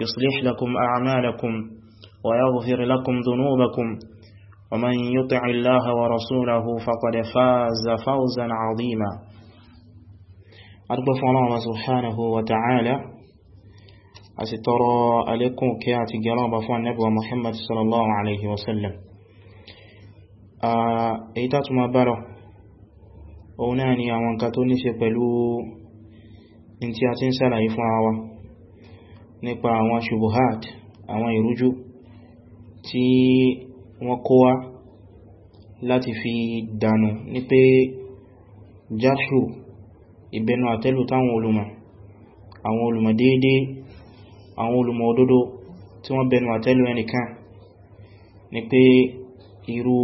يصلح لكم أعمالكم ويغفر لكم ذنوبكم ومن يطع الله ورسوله فقد فاز فوزا عظيما أرجو الله سبحانه وتعالى أسترى عليكم كيات جرابة فالنبوة محمد صلى الله عليه وسلم آه، إيتات ما بره أوناني أوانكتوني سيبلو انتياتين سلايفا nípa àwọn shubuhat àwọn ìrújú tí wọ́n kó wá láti fi dànù ní pé jarhu ìbẹnu àtẹ́lù táwọn olùmọ̀ àwọn olùmọ̀ déédé àwọn olùmọ̀ òdodo tí wọ́n bẹnu àtẹ́lù ẹnìkan ní pé irú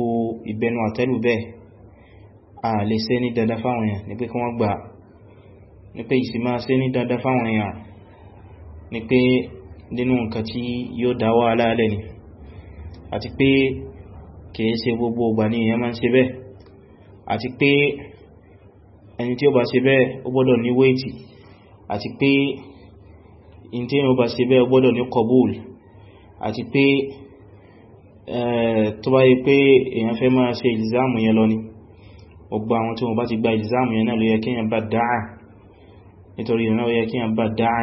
ìbẹnu àtẹ́lù bẹ́ẹ̀ a lè ṣe ní dada fáwọn èèyàn ní pé kí wọ́n gbà ní pé ìsìnmá ṣe ní dada fáwọn èèyàn ni pé nínú nǹkan tí yóò dá wàhálà lẹ̀ ni àti pé kìí ṣe gbogbo ìgbà ni èyàn máa ń ṣe bẹ́ẹ̀ àti pé ẹni tí ó bá ṣe bẹ́ẹ̀ ó gbọ́dọ̀ ní wéètì àti pé in tí ó bá ṣe bẹ́ẹ̀ ó gbọ́dọ̀ ní kọbúl àti pé eh, tó bá yí pé èyàn fẹ́ máa ṣe ìlìzáàmù yẹn lọ ni ọgbà àwọn tí wọ́n bá ti gba ìlìzáàmù yẹn náà ló yẹ kí èyàn bá dáa nítorí ìrìnà ó yẹ kí èyàn bá dáa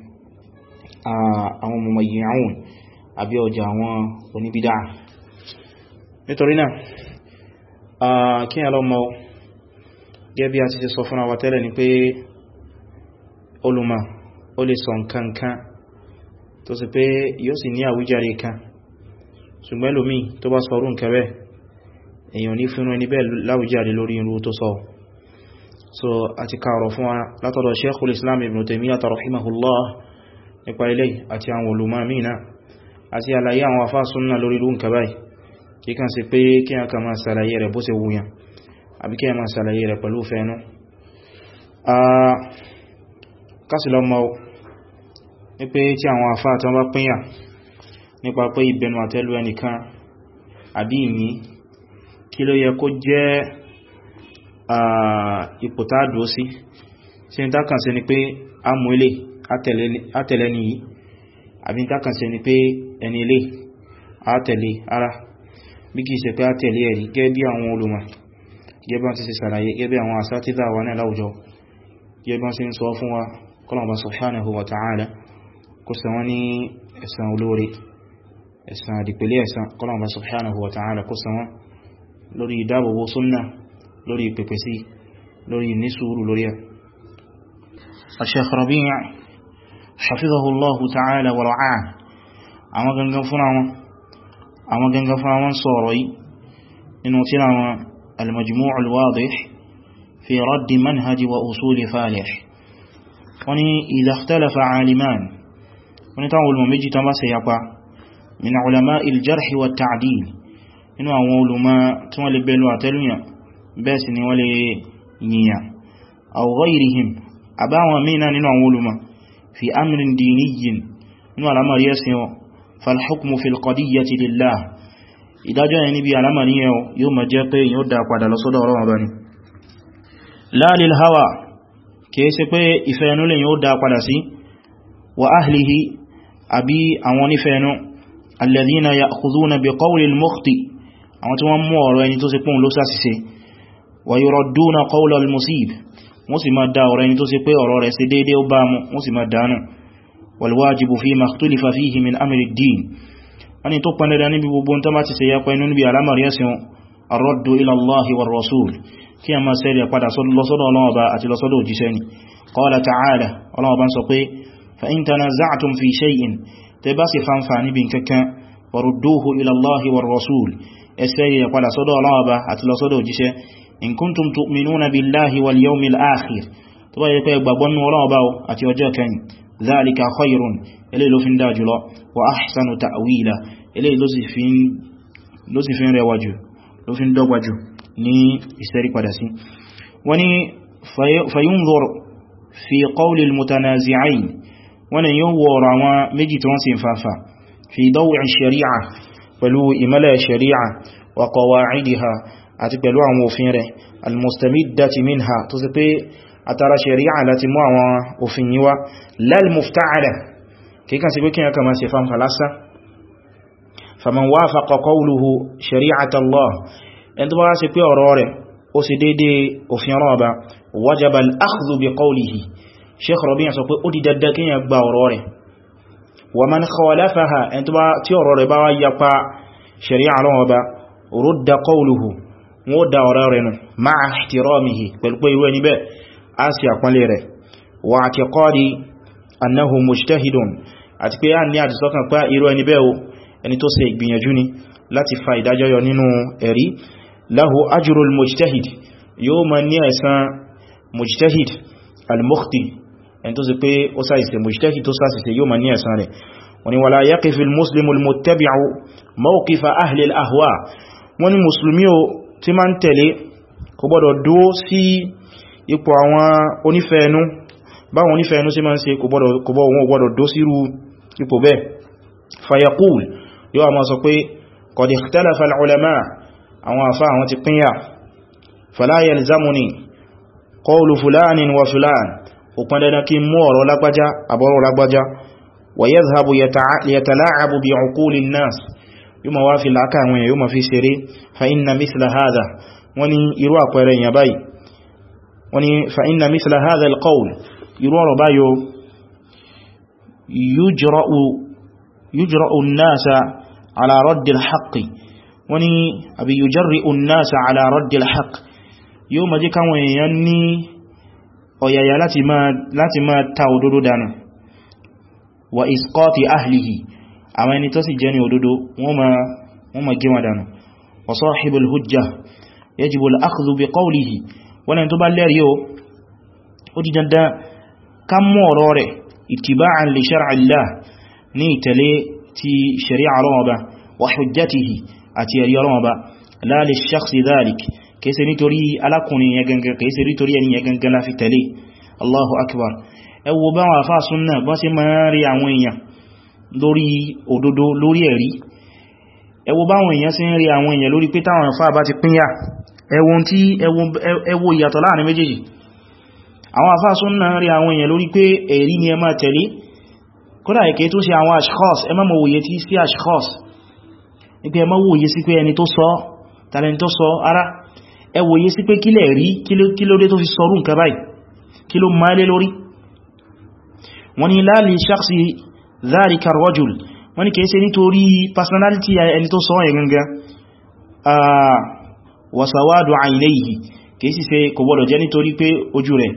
àwọn mumayyi'un àbí ọjà àwọn oníbídá nítorí náà kí a lọ mọ̀ gẹ́bí a ti ti sọ fún àwọn tẹ́lẹ̀ ni pé olùmọ̀ ó lè sọ nǹkan kan tó sì pé yóò sì ní àwíjàre kan ṣùgbọ́n lómi tó bá sọ orún kẹrẹ èyàn ní fínú ẹni bẹ́ẹ̀ láwíjàre lórí irú tó sọ so a kààrọ̀ fún wa látọ̀dọ̀ Sheikhul Islam Ibn Taymiyyah rahimahullah nípa ilé àti àwọn olùmọ̀ mìíràn àti àlàyé àwọn afá súnnà lórí irú nǹkan báyìí kíkàn sí pé kí a kàn máa sàlàyé rẹ̀ bó ṣe wùyàn àbí kí a máa sàlàyé rẹ̀ pẹ̀lú fẹ́nu kásìlọ́mọ́ ní pé tí àwọn afá tí wọ́n bá pínyà nípa pé sí ni pé a mú ilé àtẹ̀lẹ́ ní yìí àbí tákànsẹ̀ ni pé ẹni ilé àtẹ̀lẹ́ ara bí kìí ṣe pé àtẹ̀lẹ́ ẹ̀rí gẹ́ bí àwọn olùmọ̀ gẹ́bí wọ́n ti ṣe sàlàyé gẹ́bí àwọn asátìdà wà ní láwùjọ gẹ́bí wọ́n sì ń sọ fún wa kọlọ̀bà subhanahu wa ta'ala kó ṣe ṣe wọ́n lórí حفظه الله تعالى ورعاه àwọn gangan fúnra wọn àwọn gangan fúnra wọn sọ̀rọ̀ yìí inú tí na wọn al-majmu' al-wadih fi raddi manhaji wa usuli falih wani idha ikhtalafa aliman wani ta ulama méjì ta ba sai yapa min ulama al-jarh wa at-ta'dil inú àwọn ulama tí wọ́n lè belu ateluyan bẹ́ẹ̀ sì ni wọ́n lè yiyan aw ghayrihim abawon mina nínú àwọn ulama fi amrin diniyin nínú alamari ẹ̀sìn wọn falhukmu fil qadiyyati lillah ìdájọ́ yẹn níbi alamari yẹn yóò ma jẹ́ pé yóò dá padà lọ sọ́dọ̀ Ọlọ́run bá ní la lil hawa kìí ṣe pé ìfẹ́ ẹnu lè yóò dá padà sí wa ahlihi àbí àwọn onífẹ́ wọ́n sì máa dá ọ̀rọ̀ ẹni tó ṣe pé ọ̀rọ̀ rẹ̀ ṣe déédé ó bá mu wọ́n sì máa dánù wàlúwájibù fi ma tó lè fa fi himin amiri dín wani tó pọn dandan níbi gbogbo tó bá ti ṣe ya pẹ́ nínú bí alamari ẹ̀sìn arọ́dù ilallahi wa rasul kí a máa sẹ́rẹ̀ padà lọ́sọ́dọ̀ ọlọ́ọba àti lọ́sọ́dọ̀ òjíṣẹ́ ni qala ta'ala ọlọ́ọba sọ pé fa in tanaza'tum in kuntum tu'minuna billahi wal yawmil akhir tó bá yẹ pé gbàgbọ́ nínú Ọlọ́run Ọba àti ọjọ́ kẹyìn dhalika khayrun ilé ló fi ń dájú lọ wa ahsanu ta'wila ilé ló sì fi ń rẹwàjù ló fi ń dọ́gbàjù ní ìsẹ́rí padà sí wani fayunzor fi qawli al-mutanazi'ain wani yóò wọ̀rọ̀ àwọn méjì tí fafa fi daw'i shari'a pẹ̀lú ìmẹ́lẹ̀ shari'a wa qawa'idiha àti pẹ̀lú àwọn òfin rẹ̀ al-mustamiddati minha tó sì pé àtàrà ṣẹ̀ríà láti mú àwọn òfin yìí wá lal-mufta'ala kíkàn sí pé kíyàn kama sí fam falasa faman wafaqa qawluhu shari'ata Allah ẹni tó bá sí pé ọ̀rọ̀ rẹ̀ ó sì dédé òfin rọ́ọ̀bá wọ́n dá ọ̀rọ̀ rẹ̀ nù ma'a ihtiramihi pẹ̀lú pé irú ẹni bẹ́ a sì àpọ́nlé rẹ̀ wa i'tiqadi annahu mujtahidun àti pé a ní àdìsọ́kàn pé irú ẹni bẹ́ o ẹni tó ṣe ìgbìyànjú ni láti fa ìdájọ́ yọ nínú ẹ̀rí lahu ajrul mujtahid yóò ma ní ẹ̀san mujtahid al-mukhti ẹni tí ma ń tẹ̀lé kò gbọ́dọ̀ dúó sí ipò àwọn onífẹ́ẹnú báwọn onífẹ́ẹnú sí ma ń ṣe kò gbọ́dọ̀ dúó sírú ipò bẹ́ẹ̀ fayaqul yóò ma sọ pé qad ikhtalafa al-ulama àwọn àfá àwọn ti pínyà fala yalzamuni qawlu fulanin wa fulan òpin dandan yóò ma wá fi láàká àwọn èèyàn yóò ma fi ṣeré fa inna mithla hadha wọ́n ní irú àpẹẹrẹ èèyàn báyìí wọ́n ní fa inna mithla hadha alqawl irú ọ̀rọ̀ báyìí yujra'u an-nasa ala raddi al-haqq wọ́n ní àbí yujarri'u an-nasa ala raddi yóò ma jẹ́ káwọn èèyàn ní ọ̀yàyà láti máa ta òdodo dànù wa isqati ahlihi àwọn ẹni tó sì jẹ́ ní òdodo wọ́n ma gé wọn dànù wa sahibul hujja yajibu al-akhdhu bi qawlihi wọ́n ni tó bá lẹ́rí o ó ti dandan ká mọ́ ọ̀rọ̀ rẹ̀ ittiba'an li shar'illah ní ìtẹ̀lé ti shari'a rọ́ọ̀ba wa hujjatihi àti ẹ̀rí rọ́ọ̀ba la li shakhsi dhalik kèsè nítorí alákùnrin àwọn èèyàn lórí òdodo lórí ẹ̀rí ẹ wo báwọn èèyàn sí ń rí àwọn èèyàn lórí pé táwọn àfáà bá ti pínyà ẹwọ́n tí ẹ wo ìyàtọ̀ láàrin méjèèjì àwọn àfáà súnnà ń rí àwọn èèyàn lórí pé ẹ̀rí ni ẹ máa tẹ̀lé kódà ìkẹ́ tó ṣe àwọn ashkhas ẹ má wòye tí sí ara ẹ wòye sí pé kílẹ̀ rí kí ló dé tó fi sọrú nǹkan báyìí kí ló máa dhalika ar-rajul wọ́n ní kìí ṣe nítorí personality ẹni tó sọ ẹ̀ gangan wa sawadu aynayhi kìí sì ṣe kò gbọ́dọ̀ jẹ́ nítorí pé ojú rẹ̀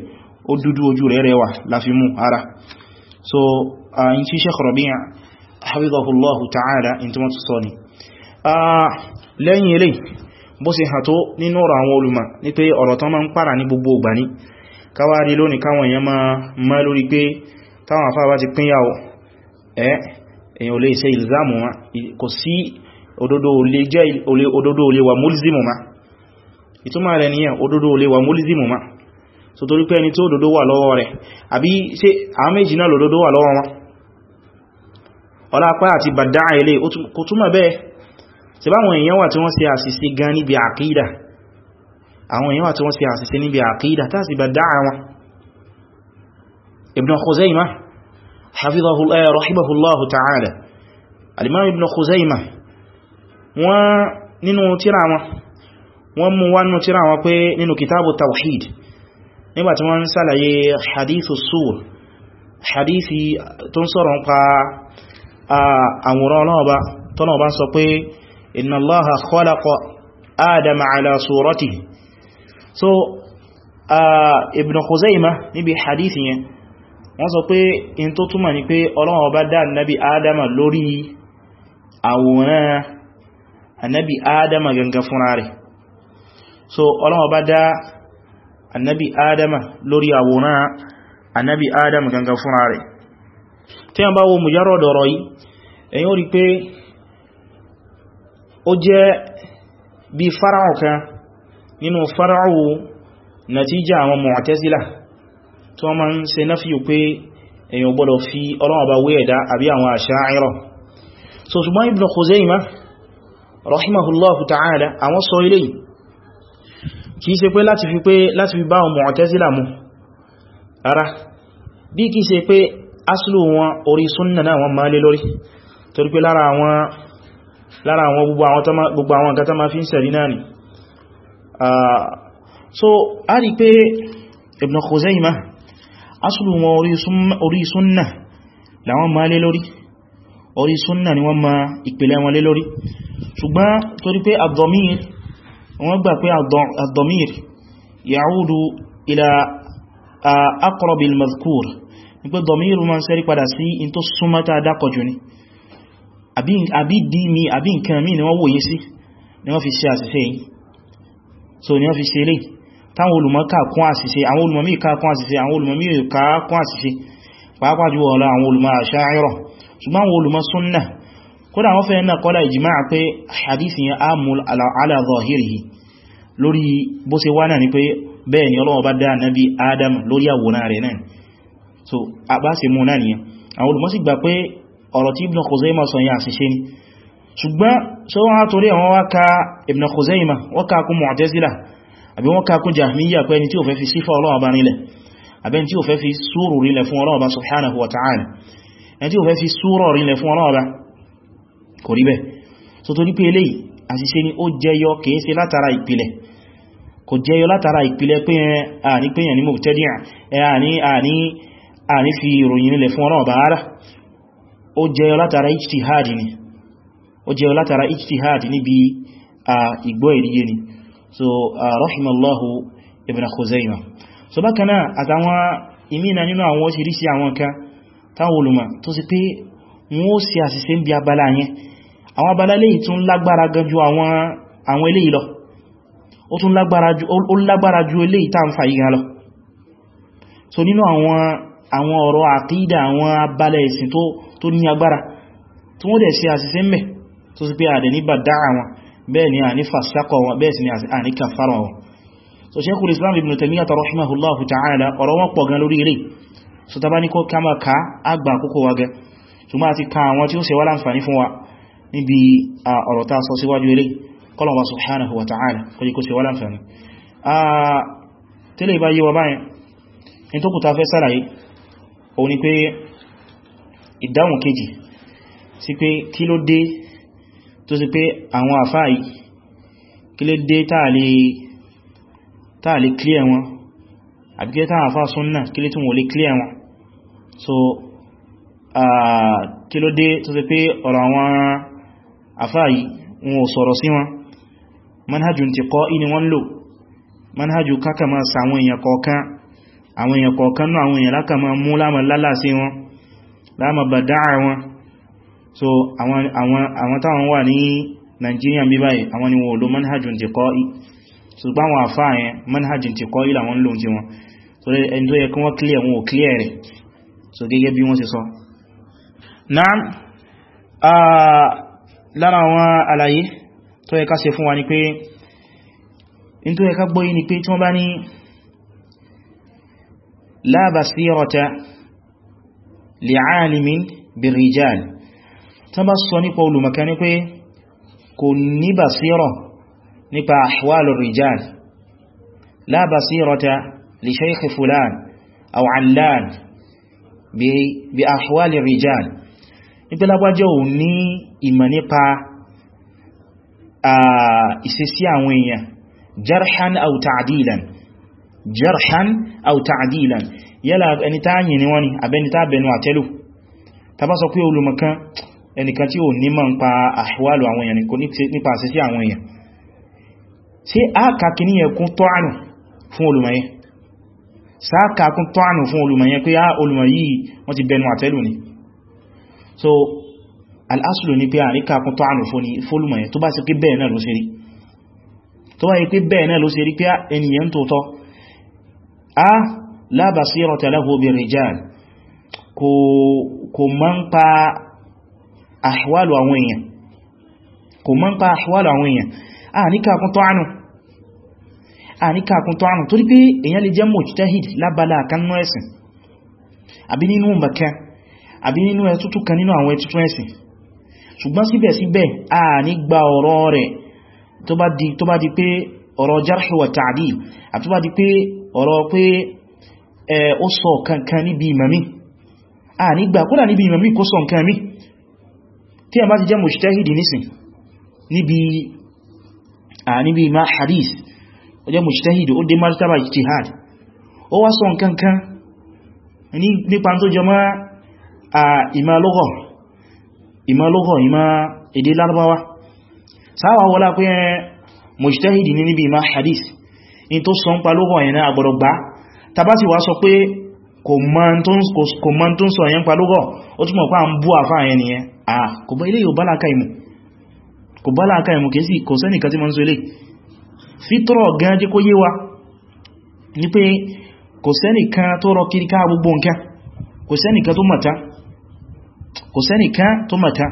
ó dúdú ojú rẹ̀ rẹwà láfimú ara so in ti Sheikh Rabi' hafidhahullahu ta'ala in tí wọ́n tó sọ ni lẹ́yìn ilé bó ṣe hàn tó nínú ọ̀rọ̀ àwọn olùmọ̀ ní pé ọ̀rọ̀ tán máa ń pàrà ní gbogbo ìgbà ní káwàá rí lónìí káwọn èèyàn máa lórí pé táwọn àfáà bá ti pínyàwó Eh, èyàn olè iṣẹ́ ìlzámù wọn kò sí òdodo olè jẹ́ òdodo olè wà múlìzìmù ma ìtumọ̀ rẹ̀ nìyẹn òdodo olè wà múlìzìmù ma so torí pé ẹni tó òdodo wà lọ́wọ́ rẹ̀ àbí ṣe àwọn méjì náà lòdodo wà lọ́wọ́ wọn ọlápá àti bàdá ilé kò túmọ̀ bẹ́ẹ̀ ṣe bá àwọn èèyàn wà tí wọ́n ṣe àṣìṣe gan níbi àkídà àwọn èèyàn wà tí wọ́n ṣe àṣìṣe níbi àkídà tá sì bàdá àwọn Ibn Khuzaymah حفظه الله رحمه الله تعالى الإمام ابن خزيمة وننو تراما وموانو تراما ننو كتاب التوحيد نبات وانسال حديث السور حديث تنصر àwòrán ọlọ́ọ̀bá tọ́nà bá ń sọ pé inna Allaha khalaqa Adam ala suratihi so Ibn ابن خزيمة نبي yẹn wọ́n sọ pé in tó túmọ̀ ní pé Ọlọ́run ọba dá annabi adama lórí àwòrán annabi adama gangan fúnra rẹ̀ so Ọlọ́run ọba dá annabi adama lórí àwòrán annabi adama gangan fúnra rẹ̀ tí wọ́n bá wo mujarrad ọ̀rọ̀ yìí èyí ó rí pé ó jẹ́ bí fara'u kan nínú fara'u natija àwọn mu'tazila tí wọ́n máa ń ṣe náfíyù pé èyàn gbọ́dọ̀ fi Ọlọ́run bá wé ẹ̀dá àbí àwọn Asha'ira so ṣùgbọ́n Ibn Khuzaymah rahimahullahu ta'ala àwọn sọ ilé kìí ṣe pé láti fi pé láti fi bá àwọn Mu'tazila mu ara bí kìí ṣe pé aslu wọn orí súnnà náà wọn máa lé lórí torí pé lára àwọn gbogbo àwọn nǹkan tó fi ń sẹ̀rí náà ni ah, so a rí pé Ibn Khuzaymah asùlù wọn orí súnnà làwọn máa lé lórí orí súnnà ni wọ́n máa ìpìlẹ̀ wọn lé lórí ṣùgbọ́n torí pé ad-damir wọ́n gbà pé ad-damir ya'udu ila aqrabil mazkur ní pé dọ̀míru ma ń sẹ́rí padà sí in tó súnmọ́ tàà dákọ̀jù ni àbí dí mi àbí nǹkan mi ni wọ́n wòye sí ni wọ́n fi ṣe àṣìṣe yìí táwọn olùmọ́ká kún àṣìṣe àwọn olùmọ̀mí ká kún àṣìṣe àwọn olùmọ̀mí ká kún àṣìṣe pàápàá jù ọ̀la àwọn olùmọ̀ àṣáírọ̀ ṣùgbọ́n àwọn olùmọ̀ súnnà kódà wọ́n fẹ́ náà kọ́lá ìjìmá pé hadith yẹn á mú ala zahirihi lórí bó ṣe wá náà ni pé bẹ́ẹ̀ ni Ọlọ́run bá dá Nabi Adam lórí àwòrán rẹ̀ ṣùgbọ́n ṣe wọ́n á torí àwọn wákà Ibn Khuzaima wákà kún Mu'tazila àbí wọ́n ká kún jahmiya pé ẹni tí ó fẹ́ fi sífà Ọlọ́run bá nílẹ̀ àbí ẹni tí ó fẹ́ fi súrù rílẹ̀ fún Ọlọ́run bá subhanahu wa ta'ala ẹni tí ó fẹ́ fi súrọ̀ rílẹ̀ fún Ọlọ́run bá kò rí bẹ́ẹ̀ so tó ní pé eléyìí àṣìṣe ni ó jẹyọ kìí ṣe látara ìpìlẹ̀ kò jẹyọ látara ìpìlẹ̀ pé àní pé yàn ní mubtadi' àní àní àní fi ìròyìn so uh, rahimallahu ibn khuzaima so bákanáà àtàwọn ìmìnà nínú àwọn oṣìíríṣìí àwọn kan táwọn olùmọ̀ tó sì pé wọ́n ó sì àṣìṣe ń bí abala yẹn àwọn abala lè tún lágbára gan ju àwọn eléyìí lọ ó tún lágbára ju eléyìí tá ń fa yìí gan lọ so nínú àwọn ọ̀rọ̀ àkídà àwọn abala ẹ̀sìn tó ní agbára tí wọ́n dẹ̀ ṣe àṣìṣe mẹ́ tó sì pé àdẹ̀ ní bàdá àwọn bẹ́ẹ̀ ni a ní fàṣàkọ̀ wọn bẹ́ẹ̀ sì ni a ní kàfàrọ̀ wọn so Shaykhul Islam Ibn Taymiyyah rahimahullahu ta'ala ọ̀rọ̀ wọn pọ̀ gan lórí eré so ta bá ní kó kama ka àgbà àkókò wa gẹ ṣùgbọ́n àti ka àwọn tí ó ṣe wá láǹfààní fún wa níbi ọ̀rọ̀ ta sọ síwájú eré kọlọ̀wà subhanahu wa ta'ala kọjí kó ṣe wá láǹfààní tẹ́lẹ̀ bá yí wa báyìí in tó kùta fẹ́ sàlàyé òun ni pé ìdáhùn kejì sí pé kí ló dé tó sì pé àwọn àfáà yìí kí lé dé táà lè clear wọn àbí kí táà àfáà súnnà kí lé tún wọ́n lè clear wọn so kí ló dé tó sì pé ọ̀rọ̀ àwọn àfáà yìí wọn ò sọ̀rọ̀ sí wọn manhajù ti kọ́ inú wọn lò manhajù kákà máa sa àwọn èèyàn kọ̀ọ̀kan àwọn èèyàn kọ̀ọ̀kan náà àwọn èèyàn lákà máa mú láàmà lálàsí wọn láàmà bàdáà wọn so àwọn táwọn wà ní Nigeria bí báyìí àwọn ni wọ́n lo manhajun ti kọ́ so gbá wọn àfá àyẹn manhajun ti kọ́ ìlà wọn lóun ti wọn so ẹni tó yẹ kí wọ́n clear wọn ò clear rẹ̀ so gẹ́gẹ́ bí wọ́n ti sọ naam lára àwọn àlàyé tó yẹ ká ṣe fún wa li'alimin birrijal tán bá sọ nípa olùmọ̀kẹ́ ní pé kò ní basira nípa ahwal ar-rijal la basirata li shaykh fulan aw allan bi ahwal ar-rijal nípa lágbàjẹ́ ò ní ìmọ̀ nípa ìsẹsí àwọn èèyàn jarhan aw ta'dilan jarhan aw ta'dilan yálà ẹni táyìn ni wọ́n ni àbẹ́ni tábẹ̀nu àtẹ́lù tàbá sọ ẹnìkan tí ò ní mọ̀ nípa àṣíwálò àwọn èèyàn kò nípa àṣẹ sí àwọn èèyàn ṣé ákàkì ní ẹkún tọ́ànù fún olùmọ̀yẹ sáàkàkún tọ́ànù fún olùmọ̀yẹ pé á ah, olùmọ̀yí wọ́n ti bẹnu àtẹ́lù ni so al'asùlù ni pé àríkàkún tọ́ànù fún olùmọ̀yẹ tó bá ṣe pé bẹ́ẹ̀ náà ló ṣe rí tó bá yí pé bẹ́ẹ̀ náà ló ah, a la basirata lahu bir rijal kò máa àṣíwálù àwọn èèyàn kò mọ̀ nípa àṣíwálù àwọn èèyàn àníkàkún tọ́ánù àníkàkún tọ́ánù torí pé èèyàn lè jẹ́ mujtahid lábala kanú ẹ̀sìn àbí nínú mbàkẹ́ àbí nínú ẹ̀tútù kan nínú àwọn ẹ̀tútù ẹ̀sìn ṣùgbọ́n síbẹ̀síbẹ̀ àní gba ọ̀rọ̀ rẹ̀ tó bá di pé ọ̀rọ̀ jarh wa ta'dil àti tó bá di pé ọ̀rọ̀ pé eh, ó sọ kankan níbi ìmàmí àní gbà kódà níbi ìmàmí kó sọ nǹkan míì tí a bá ti jẹ́ mujtahidi nísìn níbi a níbi ma hadith o jẹ́ mujtahidi ó dé martaba ijtihad ó wá sọ nǹkankan ní nípa tó jẹ mọ́ a ìmá lugha ìmá lugha ìmá èdè larabawa sáwà wọ́lá pé mujtahidi ní níbi ma hadith in tó sọ ń pa lugha yẹn náà agbọ̀rọ̀ gbá tabasi wá sọ pé kò mọ́ tó ń sọ yẹn pa lugha ó túnmọ̀ pa ń bú àfáà yẹn nìyẹn ah kò bá ilé yóò bá láàká ìmù kò bá láàká ìmù kìí sí kò sẹ́nìkan tí ma ń sọ ilé fítọ́rọ̀ gan jẹ́ kó yé wa ní pé kò sẹ́nìkan tó rọ kiri ká gbogbo nǹkan kò sẹ́nìkan tó mata kò sẹ́nìkan tó mata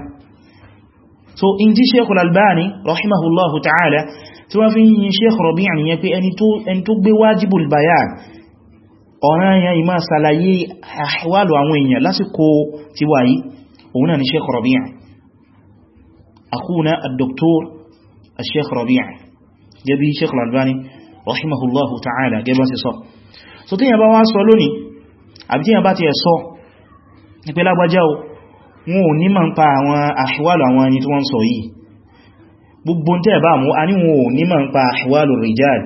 so in ji Sheikhul Albani rahimahullahu ta'ala tí wá fi yin Sheikh Rabi' àníyàn pé ẹni tó gbé wájibul bayan ọ̀ranyàn ìmá ṣàlàyé àhwàlù àwọn èèyàn lásìkò هنا الشيخ ربيع أخونا الدكتور الشيخ ربيع جبي شيخ الألباني رحمه الله تعالى جبا سيصا سوتين أبا واسو لوني أبتين أبا تيصا نقول أبا جاو wọn ò ní ma ń pa àwọn àṣíwàlù àwọn ẹni tí wọ́n sọ yìí gbogbo tẹ́ bá mú a ní wọn ò ní ma ń pa àṣíwàlù rijal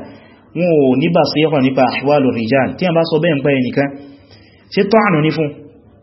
wọn ò ní bá sí ẹ̀kọ́ nípa àṣíwàlù rijal tí a bá sọ bẹ́ẹ̀ ń pa ẹnìkan ṣe tọ́ ànà ní fún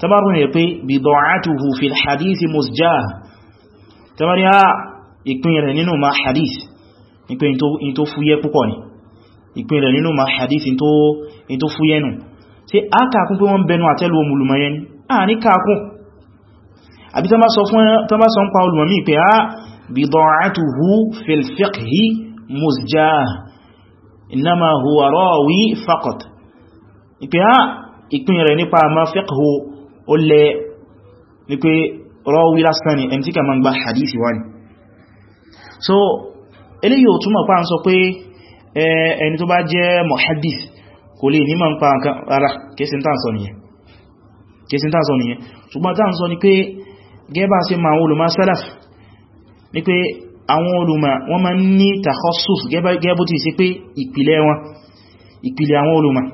tabaru ne pé bid'atuhu fil hadith musjah tabari ha ah, ìpín rẹ̀ nínú ma hadith ìpín in tó fúyẹ́ púpọ̀ ni ìpín rẹ̀ nínú ma hadith in tó fúyẹ́ nù ṣé a kàkún pé wọ́n bẹnu àtẹ́lù omulùmọ̀yẹn ni a ní kàkún àbí tó bá sọ ń pa olùmọ̀mí pé a ah, bid'atuhu fil fiqhi musjah innama huwa rawi faqat ìpín ah, rẹ̀ nípa ma fiqhu ó lẹ́ ní pé rọ́wí lásán ni ẹni tí kà máa ń gba hadithi wani so eléyìí ò túnmọ̀ pa ń sọ pé ẹni tó bá jẹ́ muhaddith kò lè ní ma ń pa nǹkan ara kéṣin tàn sọ nìyẹn ṣùgbọ́n tàn sọ ni pé gẹ́bà sí ma àwọn olùmọ̀ salaf ni pé àwọn olùmọ̀ wọ́n ma ní takhasus gẹ́bù ti sí pé ìpìlẹ̀ wọn ìpìlẹ̀ àwọn olùmọ̀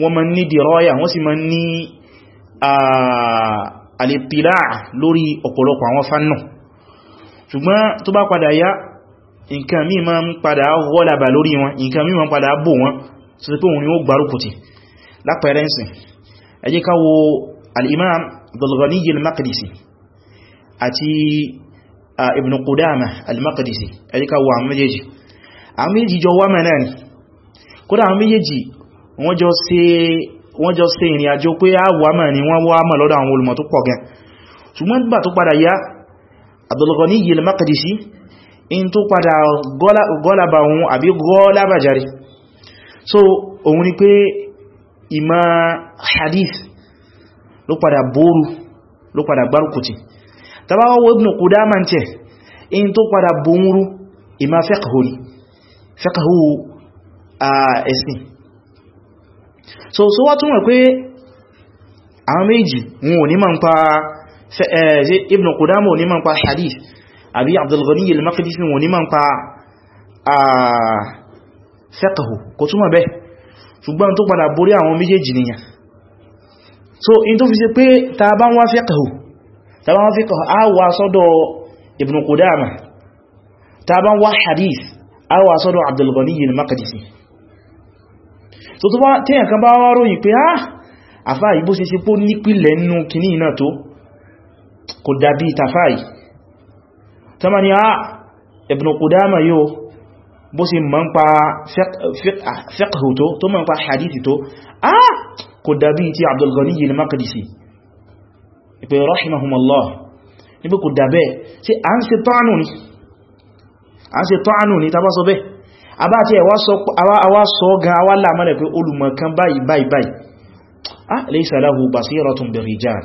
wọ́n ma ní dìrọ́yà wọ́n sì ma ní àlèpìlá lórí ọ̀pọ̀lọpọ̀ àwọn fánà ṣùgbọ́n tó bá padà yá nǹkan mí ma ń padà rọ́làbà lórí wọn nǹkan mí ma ń padà bò wọn so pé òun ni ó gbárùkùtì lápẹẹrẹnsì ẹ jẹ́ ká wo al-Imam Abdul-Ghani al wọ́n jọ ṣe ìrìn àjò pé àwọ̀mọ̀ ni wọ́n wá mọ̀ lọ́dọ̀ àwọn olùmọ̀ tó pọ̀ gan ṣùgbọ́n gbà tó padà yá Abdul Ghani al-Maqdisi in tó padà gọ́lába òun àbí gọ́lába jari so òun ni pé ìmọ̀ hadith ló padà bóoru ló padà gbárùkùtì tàbáwọ́ Ibn Qudama tẹ́ in tó padà bóoru ìmọ̀ so so wá túnmọ̀ pé àwọn méjì wọn ò ní ma ń pa Ibn Qudama ò ní ma ń pa hadith àbí Abdul Ghani al-Maqdisi wọn ò ní ma ń pa ah, fiqh kò túnmọ̀ bẹ́ ṣùgbọ́n tó padà borí àwọn méjèèjì nìyàn so in tó fi ṣe pé ta bá wá fiqh ta bá wá fiqh a wá sọ́dọ̀ Ibn Qudama ta bá wá hadith a wá sọ́dọ̀ Abdul Ghani al-Maqdisi so tó bá téèyàn kan bá wá ròyìn pé ah àfáà ìbó ṣe ṣe pó nípìlẹ̀ nínú kìíní náà tó kò dàbí tàfáà yìí tó má ní ah Ibn Qudama yóò bó ṣe mọ́ ń pa fiqhu tó tó mọ́ ń pa hadithi tó ah kò dàbí ti Abdul Ghani al-Maqdisi ìpè àbáṣe àwá sọ gan àwá lámọ́lẹ̀ pé olùmọ̀kan báyìí báyìí báyìí ah laysa lahu basiratun birrijal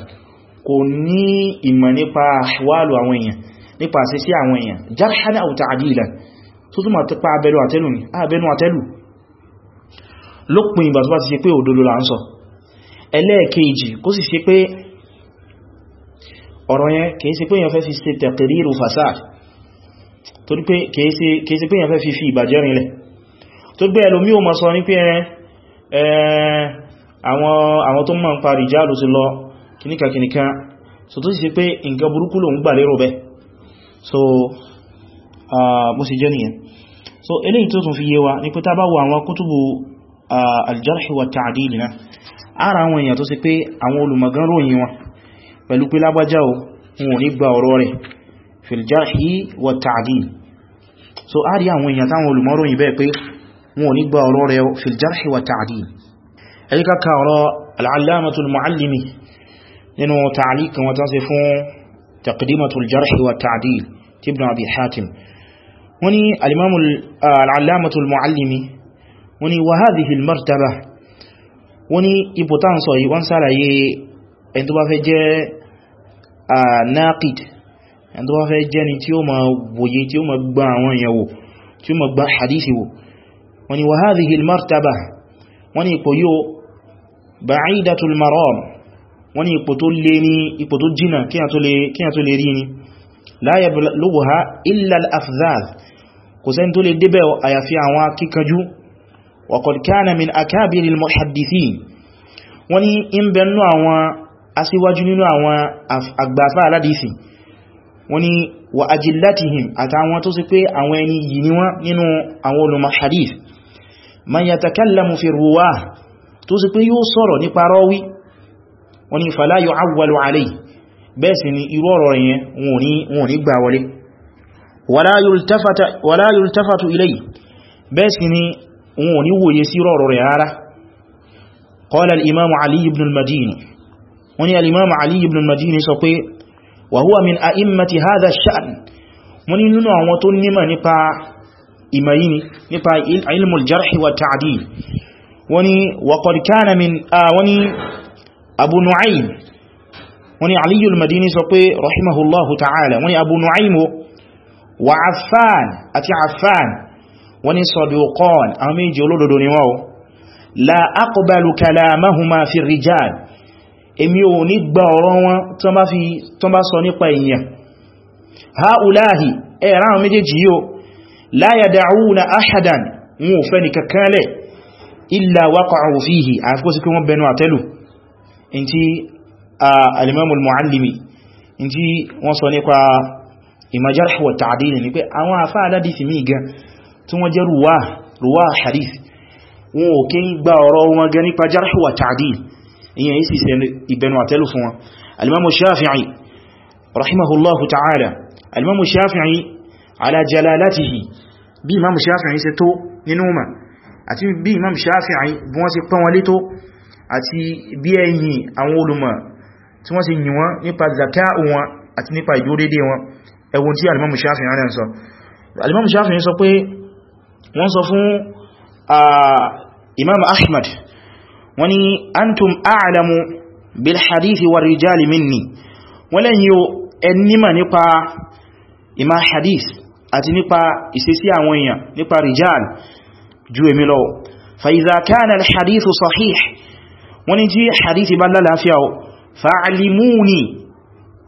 kò ní ìmọ̀ nípa ahwalu àwọn èèyàn nípa àṣíṣí àwọn èèyàn jarhan aw ta'dilan tó túnmọ̀ tó pa abẹnu àtẹ́lù ní abẹnu àtẹ́lù lópin ìgbà tó bá ti ṣe pé òdodo là ń sọ ẹlẹ́ẹ̀kejì kó sì ṣe pé ọ̀rọ̀ yẹn kìí ṣe pé èèyàn fẹ́ fasad torí pé kèése pé yàn fẹ́ fi fi ìbàjẹ́ rinlẹ̀ tó gbé ẹlòmí o mọ̀ sọ ní pé àwọn tó mọ̀ ń pa rìjálù ti lọ kìníkà kìníkà so tó sì sí pé nǹkan burúkú lòun gbà lérò bẹ́ so bó sì jẹ́ nìyẹn so eléyìí tó tún fi yé wa ní pé tá bá wo àwọn kútùbù aljarh wa ta'dil náà ara àwọn èèyàn tó sì pé àwọn olùmọ̀gán ròyìn wọn pẹ̀lú pé lágbájá o wọn ò ní gba ọ̀rọ̀ rẹ̀ fìljáhì wà tààdì so a rí àwọn èèyàn táwọn olùmọ́rò yìí bẹ́ẹ̀ pé wọn ò ní gba ọ̀rọ̀ rẹ̀ fìljáhì wà tààdì ẹjíká ka ọ̀rọ̀ al'alamatul mu'allimi nínú tààlì kan wata ṣe fún taqdimatul jarhi wa ta'dil ti ibn abi hatim wani al'alamatul mu'allimi wani wa hadhihi martaba wani ipo tan so yi wọ́n ẹni tó bá fẹ́ jẹ́ ni tí ó ma wòye tí ó ma gba àwọn èèyàn wò tí ó ma gba hadisi wò wọ́n ni wa hadhihi al-martaba wọ́n ni ipò yóò ba'idatul maram wọ́n ni ipò tó lé ní ipò tó jìnà kí a tó lè rí ni la yablughuha illa al-afdhadh kò sẹ́ni tó lè débẹ̀ àyàfi àwọn akíkanjú wọ́n ni wọ́n ni wà ajílátihìm àtàwọn tó sì pé àwọn ẹni yìí ni wọ́n nínú àwọn olùmọ̀ hadith man yatakallamu fi ruwa tó sì pé yóò sọ̀rọ̀ nípa rọ́wí wọ́n ni fala yu'awwalu alayhi bẹ́ẹ̀ sì ni irú ọ̀rọ̀ yẹn wọn ni wòye sí rọ̀rọ̀ rẹ̀ rárá qala al-imam Ali ibn al-Madini wọ́n ni al-imam wa huwa min a'immati hadha ash-sha'n mo ní nínú àwọn tó nímọ̀ nípa ìmọ̀yí nípa ilmul jarh wa ta'dil wani wa qad kana min wani abu nu'aym wani aliyu al-madini sọ pé rahimahullahu ta'ala wani abu nu'aym wa affan àti affan wani ni wọ́n èmi ò ní gba ọ̀rọ̀ wọn tán bá sọ nípa èèyàn ha ulahi ẹ̀rá àwọn méjèèjì yíò la yada'una ahadan wọn ò fẹ́ ní kankanlẹ̀ illa waqa'u fihi àfikó sí kí wọ́n bẹnu àtẹ́lù in ti alimamul mu'allimi in ti wọ́n sọ nípa imajarh wa ta'dil wọn ò kí ń gba ọ̀rọ̀ wọn gan nípa jarh wa ìyẹn isi ìbẹnu àtẹ́lù fún wọn alimamu shafi'i rahimahullahu ta'ala alimamu shafi'i ala jalalatihi bí imamu shafi'i ṣe tó nínú ma àti bí imamu shafi'i bí wọ́n ṣe pán wọlé tó àti bí ẹ̀yìn àwọn olùmọ̀ tí wọ́n ṣe yìn wọ́n nípa zaka'u wọn wọ́n ni antum a'lamu bil hadithi war rijali minni wọ́n lẹ́yìn o ẹnima nípa ìmá hadith àti nípa ìsẹsí àwọn èèyàn nípa rijal ju èmi lọ fa idha kana al hadithu sahih wọ́n ni jí hadithi bá lálàáfíà o fa'alimuni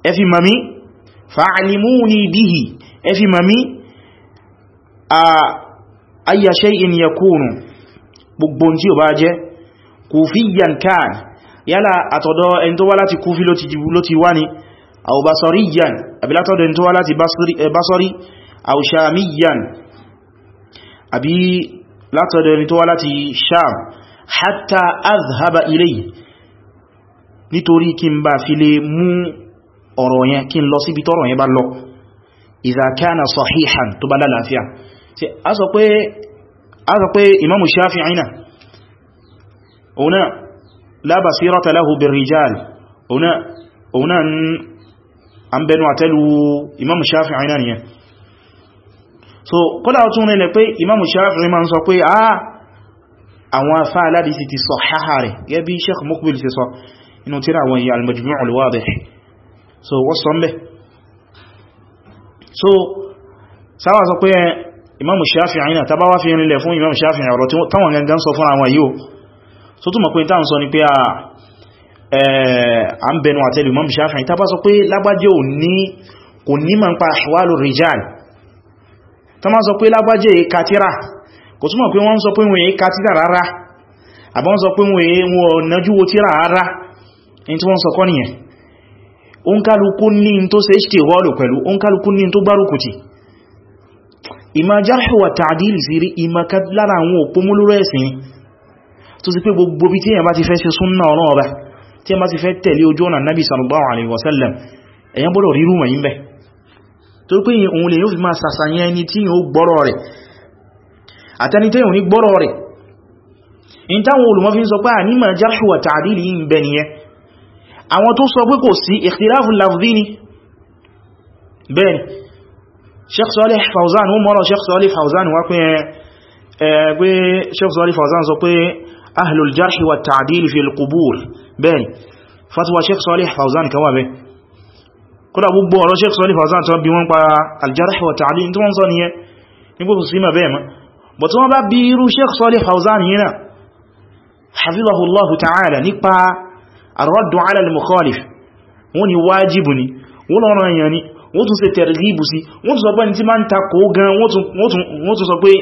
ẹfi mami fa'alimuni bihi ẹfi mami a ayya shay'in yakunu gbogbo tí ó bá jẹ́ kúfíyàn kan yálà àtọ̀dọ̀ ẹni tó wá láti kúfí ló ti jìbú ló ti wá ni àwọ̀ basoriyan àbí látọ̀dọ̀ ẹni tó wá láti basori àwọ̀ eh, shamiyan àbí látọ̀dọ̀ ẹni tó wá láti sham hatta azhaba ilayhi nítorí kí n bá fi lè mú ọ̀rọ̀ yẹn kí n lọ síbi tọ́rọ̀ yẹn bá lọ idha kana sahihan tó bá lálàáfíà a sọ pé imamu shafi'ina ọ̀nà la basirata lahu birrijal ọ̀nà ọ̀nà an bẹnu àtẹ́lù imam shafi'i náà nìyẹn so kọ́lá ọ̀tún rẹ̀ pé imam shafi'i ma ń sọ pé ah àwọn afá aládìsí ti sọ háhà rẹ̀ gẹ́ bí sheikh mukbil ti sọ inú tíra àwọn ìyà al al so wọ́n so sáwà sọ pé eh, imam shafi'i náà tàbáwá fi rinlẹ̀ fún imam shafi'i ọ̀rọ̀ tí wọ́n so túnmọ̀ pé táwọn sọ ni pé a ah, eh, ń bẹnu àtẹ́lù Imam Shafi'i tá bá sọ pé lágbájẹ́ ò ní kò ma ń pa ahwalu rijal tá má sọ pé lágbájẹ́ è katira kò túnmọ̀ pé wọ́n sọ pé wọ́n è katira rárá àbá wọ́n sọ pé wọ́n è wọ́n nájú wo tíra rárá in tí wọ́n sọ kọ́ nìyẹn oúnkálukú ní tó ṣe ṣe rọ́lù pẹ̀lú oúnkálukú tó sì pé gbogbo bí tí èyàn bá ti fẹ́ ṣe súnnà ọ̀rọ̀ ọba tí èyàn bá ti fẹ́ tẹ̀lé ojú ọ̀nà nabi sallallahu alaihi wasallam èyàn gbọ́dọ̀ rí rúmọ̀ yí ń bẹ̀ tó pé òun lè yóò bẹ́ẹ̀ni Sheikh Salih Fawzan mọ́rọ̀ Sheikh Salih wá pé Sheikh Salih sọ pé أهل الجرح والتعديل في القبور بل فتوى شيخ صالح فوزان كوابه قد أبو بورو شيخ صالح فوزان تنبي ونقى الجرح والتعديل انتو انصانية نقول سيما بيما بطوما بابيرو شيخ صالح فوزان هنا حفظه الله تعالى نقى الرد على المخالف وني واجبني ولونا يعني wọ́n tún ṣe tẹ̀rìgìbù sí wọ́n tún sọ pé ní tí máa ń takò gan wọ́n tún sọ pé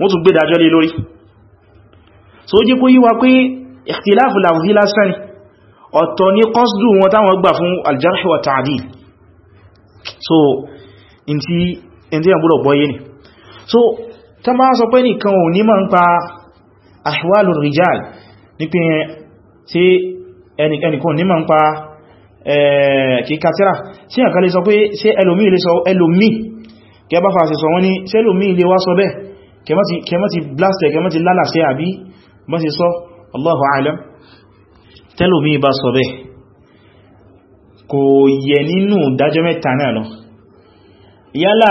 wọ́n tún gbé dájọ́ lé lórí so jẹ́ kó yíwa pé ikhtilafu lafzi lásán ọ̀tọ̀ ní qasdu wọn táwọn gbà fún al-jarh wa ta'dil so in tí yàn búrọ̀ bọ́yé ni so ta máa sọ pé nìkan ò ní máa ń pa ahwalu rijal ní pé tí ẹnìkan ní máa ń pa eh, kíkàtíra sí ẹ̀kan lè sọ pé sí ẹlòmí lè sọ ẹlòmí kẹbá fàṣẹ sọ wọ́n ni sí ẹlòmí lè wá sọ bẹ́ẹ̀ kẹmọ́ ti blast kẹmọ́ ti lálàfẹ́ àbí bá ṣe sọ Allahu a'lam tẹ́lòmí bá sọ bẹ́ kò yẹ nínú dájọ́ mẹ́ta náà lọ yálà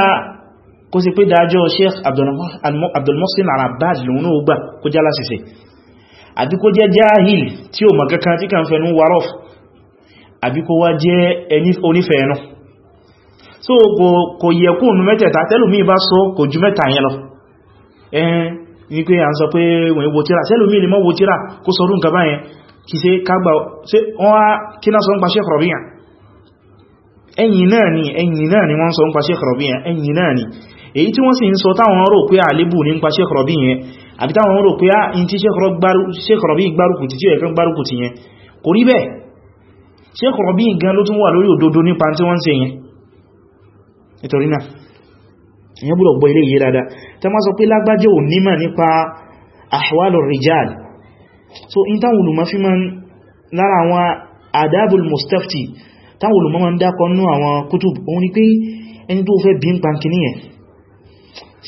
kó sì pé dájọ́ Sheikh Abdul Muhsin Al-Abbad lòun náà gbà kó jálá ṣiṣẹ́ àbí kó jẹ́ jahil tí ó mọ̀ kankan tí kan fẹ́nu warọ́f àbí kó wá jẹ́ ẹni onífẹ̀ẹ́nu so kò yẹ kó nù mẹ́tẹ̀ẹ̀ta tẹ́lòmí bá sọ kò ju mẹ́ta yẹn lọ ní pé a ń sọ pé wọ́n wo tíra sẹ́lùmí lè mọ́ wo tíra kó sọ rún gaba yẹn kì ṣe kágbà ṣe wọ́n kí náà sọ ń pa Sheikh Rabi' ẹ̀yìn náà ni ẹ̀yìn náà ni wọ́n sọ ń pa ni èyí tí wọ́n sì ń sọ táwọn rò pé àlébù ní ń pa Sheikh Rabi' yẹn àbí táwọn rò pé à ah, ń tí Sheikh Rabi' gbárùkù tí tí ẹ̀kan gbárùkù ti yẹn ìyẹn búrọ̀ gbọ́ ilé yìí dada ta ma sọ pé lágbájẹ́ ò nímà nípa ahwalu rijal so in táwọn olùmọ́ fi ma ń lára àwọn adabul mustafti táwọn olùmọ́ ma ń dákọ̀ nú àwọn kútùb òun ni pé ẹni tó fẹ́ bí ń pankiniyàn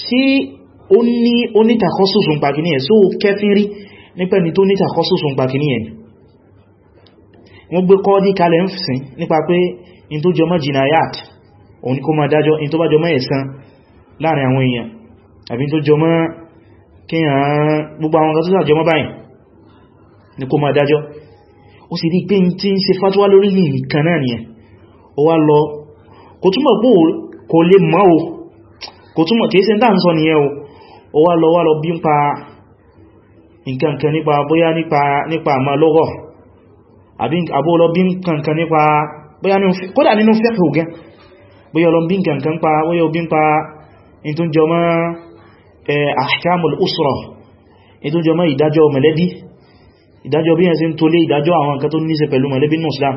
sí ó ní onítàkọ́sùsùn pankiniyàn so kẹfin ni tó nítàkọ́sùsùn pankiniyàn wọ́n gbé kọ́ dí kalẹ̀ ń fìsìn nípa pé in tó jọmọ́ jinayat òun ni kó ma dájọ́ in tó láàrin àwọn èèyàn àbí tó jọ mọ́ kí à gbogbo àwọn tó jọ mọ́ báyìí ní kó máa dájọ́ ó sì rí pé tí ń ṣe fatuwa lórí nìkan náà nìyẹn ó wá lọ kò túnmọ̀ pé kò lè mọ́ o kò túnmọ̀ kìí ṣe dáa ń sọ nìyẹn o ó wá lọ wá lọ pa nǹkan kan nípa bóyá nípa àmà lọ́rọ̀ àbí àbó lọ bí nǹkan pa bóyá bí ń pa in tó jọ mọ́ ahkamul usra in tó jọ mọ́ ìdájọ́ mọ̀lẹ́bí ìdájọ́ bí yẹn sí ń tó lé ìdájọ́ àwọn nǹkan tó níṣe pẹ̀lú mọ̀lẹ́bí nù islam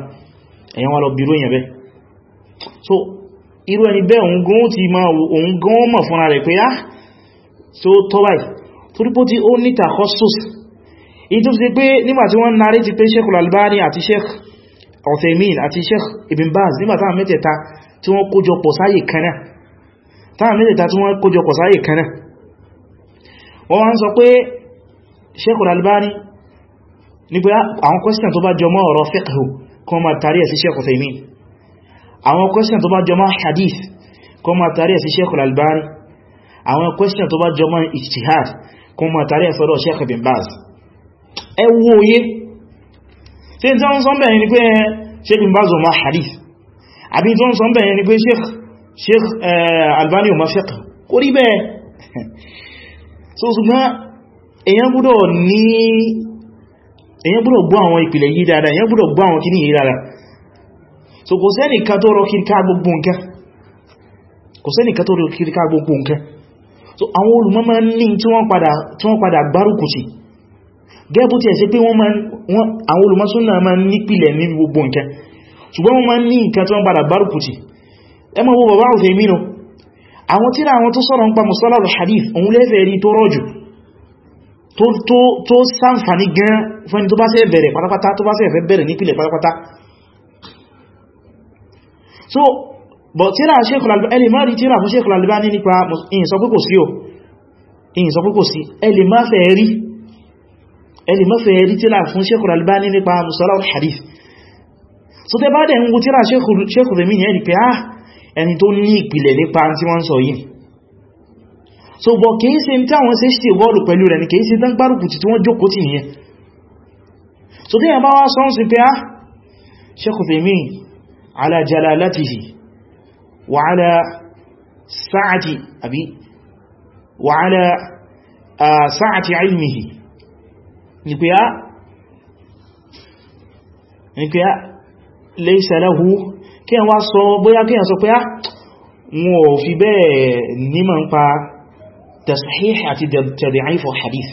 èyàn wà lọ bíró èyàn bẹ́ so irú ẹni bẹ́ òun gún ti ma òun gún mọ̀ fúnra rẹ̀ pé ah so tó báyìí torípó tí ó níta kọ́sùs in tó fi pé nígbàtí wọ́n narí ti pé Sheikh Al-Albani àti Sheikh Uthaymin àti Sheikh Ibn Baz tí wọ́n kójọpọ̀ sáyè táà mẹ́lẹ̀ta tí wọ́n kójọ pọ̀ sáyé kanáà wọ́n wá ń sọ pé Sheikhul Albani ní pé àwọn question tó bá jọmọ́ ọ̀rọ̀ fiqh kó máa tàrí ẹ̀ sí Sheikh Uthaymeen àwọn question tó bá jọmọ́ hadith kó máa tàrí ẹ̀ sí Sheikhul Albani àwọn question tó bá jọmọ́ ijtihad kó máa tàrí ẹ̀ Sheikh eh, Albani o ma fiqh kò rí bẹ́ẹ̀ so ṣùgbọ́n èyàn gbọ́dọ̀ ní èyàn gbọ́dọ̀ gbọ́ àwọn ìpìlẹ̀ yìí dáadáa èyàn gbọ́dọ̀ gbọ́ àwọn kìíní yìí dáadáa so kò sẹ́ni ká tó rọ kíríká gbogbo nǹkan kò sẹ́ni ká tó rọ gbogbo nǹkan so àwọn olùmọ̀ máa ń ní tí wọ́n padà gbárùkù tì gẹ́bù tí ẹ̀ sí pé àwọn olùmọ̀ súnnà máa ń nípìlẹ̀ ní gbogbo nǹkan ṣùgbọ́n wọ́n máa ń ní nǹkan tí wọ́n padà gbárùkù tì ẹ máa wo bàbá Uthaymeen àwọn tíra àwọn tó sọ̀rọ̀ ń pa musalal hadith òun lẹ́fẹ̀ rí tó rọ̀jù tó sáǹfàní gan fún tó bá ṣe bẹ̀rẹ̀ pátápátá tó bá ṣe fẹ́ bẹ̀rẹ̀ nípìlẹ̀ pátápátá so bọ̀ tíra Sheikh Al-Albani ẹlì máa rí tíra fún Sheikh Al-Albani nípa ìyìnsọ pé kò sí o ìyìnsọ pé kò sí ẹlì máa fẹ́ rí ẹlì máa fẹ́ so tẹ bá dẹ̀ ń wo tíra Sheikh Uthaymeen ẹlì pé ah ẹni tó ní ìpìlẹ̀ nípa tí wọ́n sọ yìí so bọ̀ kìí ṣe tí àwọn ṣe ṣe wọ́ọ̀lù pẹ̀lú rẹ̀ ní kìí ṣe tán gbárùkù tí wọ́n jókòó tì nìyẹn so tí yàn bá wá sọ́n sí pé á ah, Shaykh Uthaymeen ala jalalatihi wa ala sa'ati abi wa pé á ah, kí ẹ wá sọ bóyá kí ẹ sọ pé á ah, wọn ò fi bẹ́ẹ̀ nímọ̀ ń pa tasahih àti tad'if hadith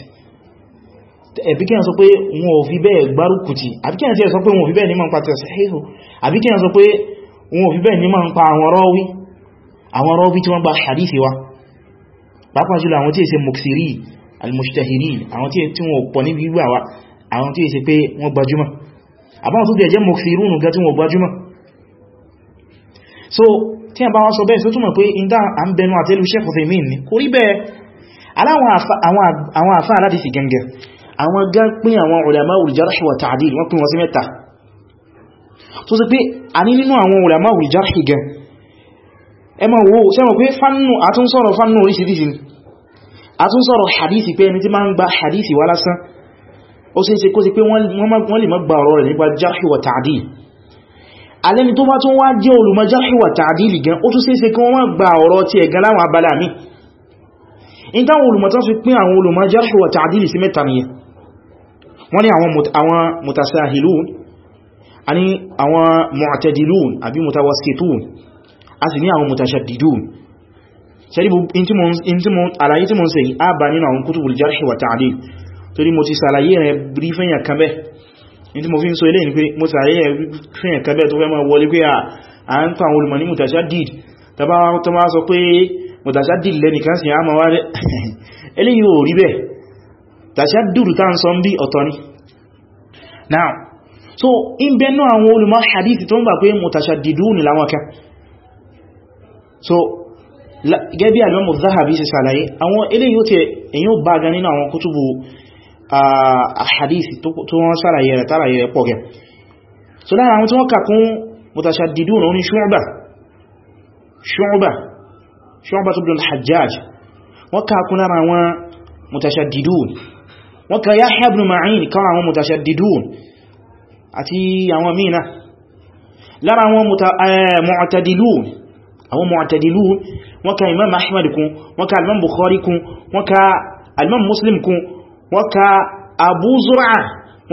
ẹ̀bí kí ẹ sọ pé wọn ò fi bẹ́ẹ̀ gbárùkùtì àbí kí ẹ sọ pé wọn ò fi bẹ́ẹ̀ nímọ̀ ń pa tasahih àbí kí ẹ sọ pé wọn ò fi bẹ́ẹ̀ nímọ̀ ń pa àwọn rọ́wí àwọn rọ́wí tí wọ́n gba hadith wa pàápàá jùlọ àwọn tí è ṣe muksiri al àwọn tí è tí wọ́n pọ̀ níbi wíwà àwọn tí è ṣe pé wọ́n gbajúmọ̀ àbáwọn tó bẹ̀ẹ̀ jẹ́ muksirun gan tí wọ́n gbajúmọ̀ so tí a bá wọ́n sọ bẹ́ẹ̀ só túnmọ̀ pé ìdá à ń bẹnu àtẹ́lú iṣẹ́ fọ́fẹ́ mí ní kò rí bẹ́ẹ̀ aláwọn àfá aládìsí gẹngẹ àwọn gan pín àwọn ulama al-jarh wa ta'dil wọ́n pín wọn sí mẹ́ta tó sì pé a ní nínú àwọn ulama al-jarh gan ẹ ma wo sẹ́wọ̀n pé fannu àtúnsọ̀rọ̀ fannu oríṣiríṣi ni àtúnsọ̀rọ̀ hadisi pé ẹni tí máa ń gba hadisi wá lásán ó sì ń ṣe kó sí alẹ́ni tó bá tún wá jẹ́ olùmọ̀jáhíwà tààdìlì gan ó tún ṣeéṣe kí wọ́n má gba ọ̀rọ̀ ti ẹ̀gan láwọn abala mi in táwọn olùmọ̀tán fi pín àwọn olùmọ̀jáhíwà tààdìlì sí mẹ́ta nìyẹn wọ́n ní àwọn mutasahilun a ní àwọn mu'tadilun àbí mutawassitun a sì ní àwọn mutashaddidun sẹ́rí ní tí mo fi ń sọ ilé ní pé mo sàárẹ́ fíyàn kan bẹ́ẹ̀ tó fẹ́ máa wọlé pé à ń tàn olùmọ̀ ní mùtàṣádìd tó máa sọ pé mùtàṣádìd lẹ́nìkan sí àmà wá rẹ̀ eléyìí ò rí bẹ́ẹ̀ tàṣádìdù tá ń sọ bí ọ̀tọ̀ ni now so in bẹ́nu àwọn olùmọ̀ hadith tó ń ni láwọn kan so gẹ́bí àlọ́mù záhàbí ṣe sàlàyé àwọn eléyìí ó tẹ èyí ó bá gan nínú àwọn kútùbù àhàdìsì tó wọ́n sàràyẹ rẹ̀ tàràyẹ rẹ̀ pọ̀ gẹ̀ so lára àwọn tí wọ́n kàkún mutashaddidun ní Shu'ba Shu'ba Shu'ba tó bìnrin Hajjaj wọ́n kàkún lára àwọn mutashaddidun wọ́n kà Yahya ibn Ma'in kan àwọn mutashaddidun àti àwọn mìíràn lára àwọn eh, mu'tadilun àwọn mu'tadilun wọ́n kà Imam Ahmad kún wọ́n kà Imam Bukhari kún wọ́n wọ́n ka Abu Zur'a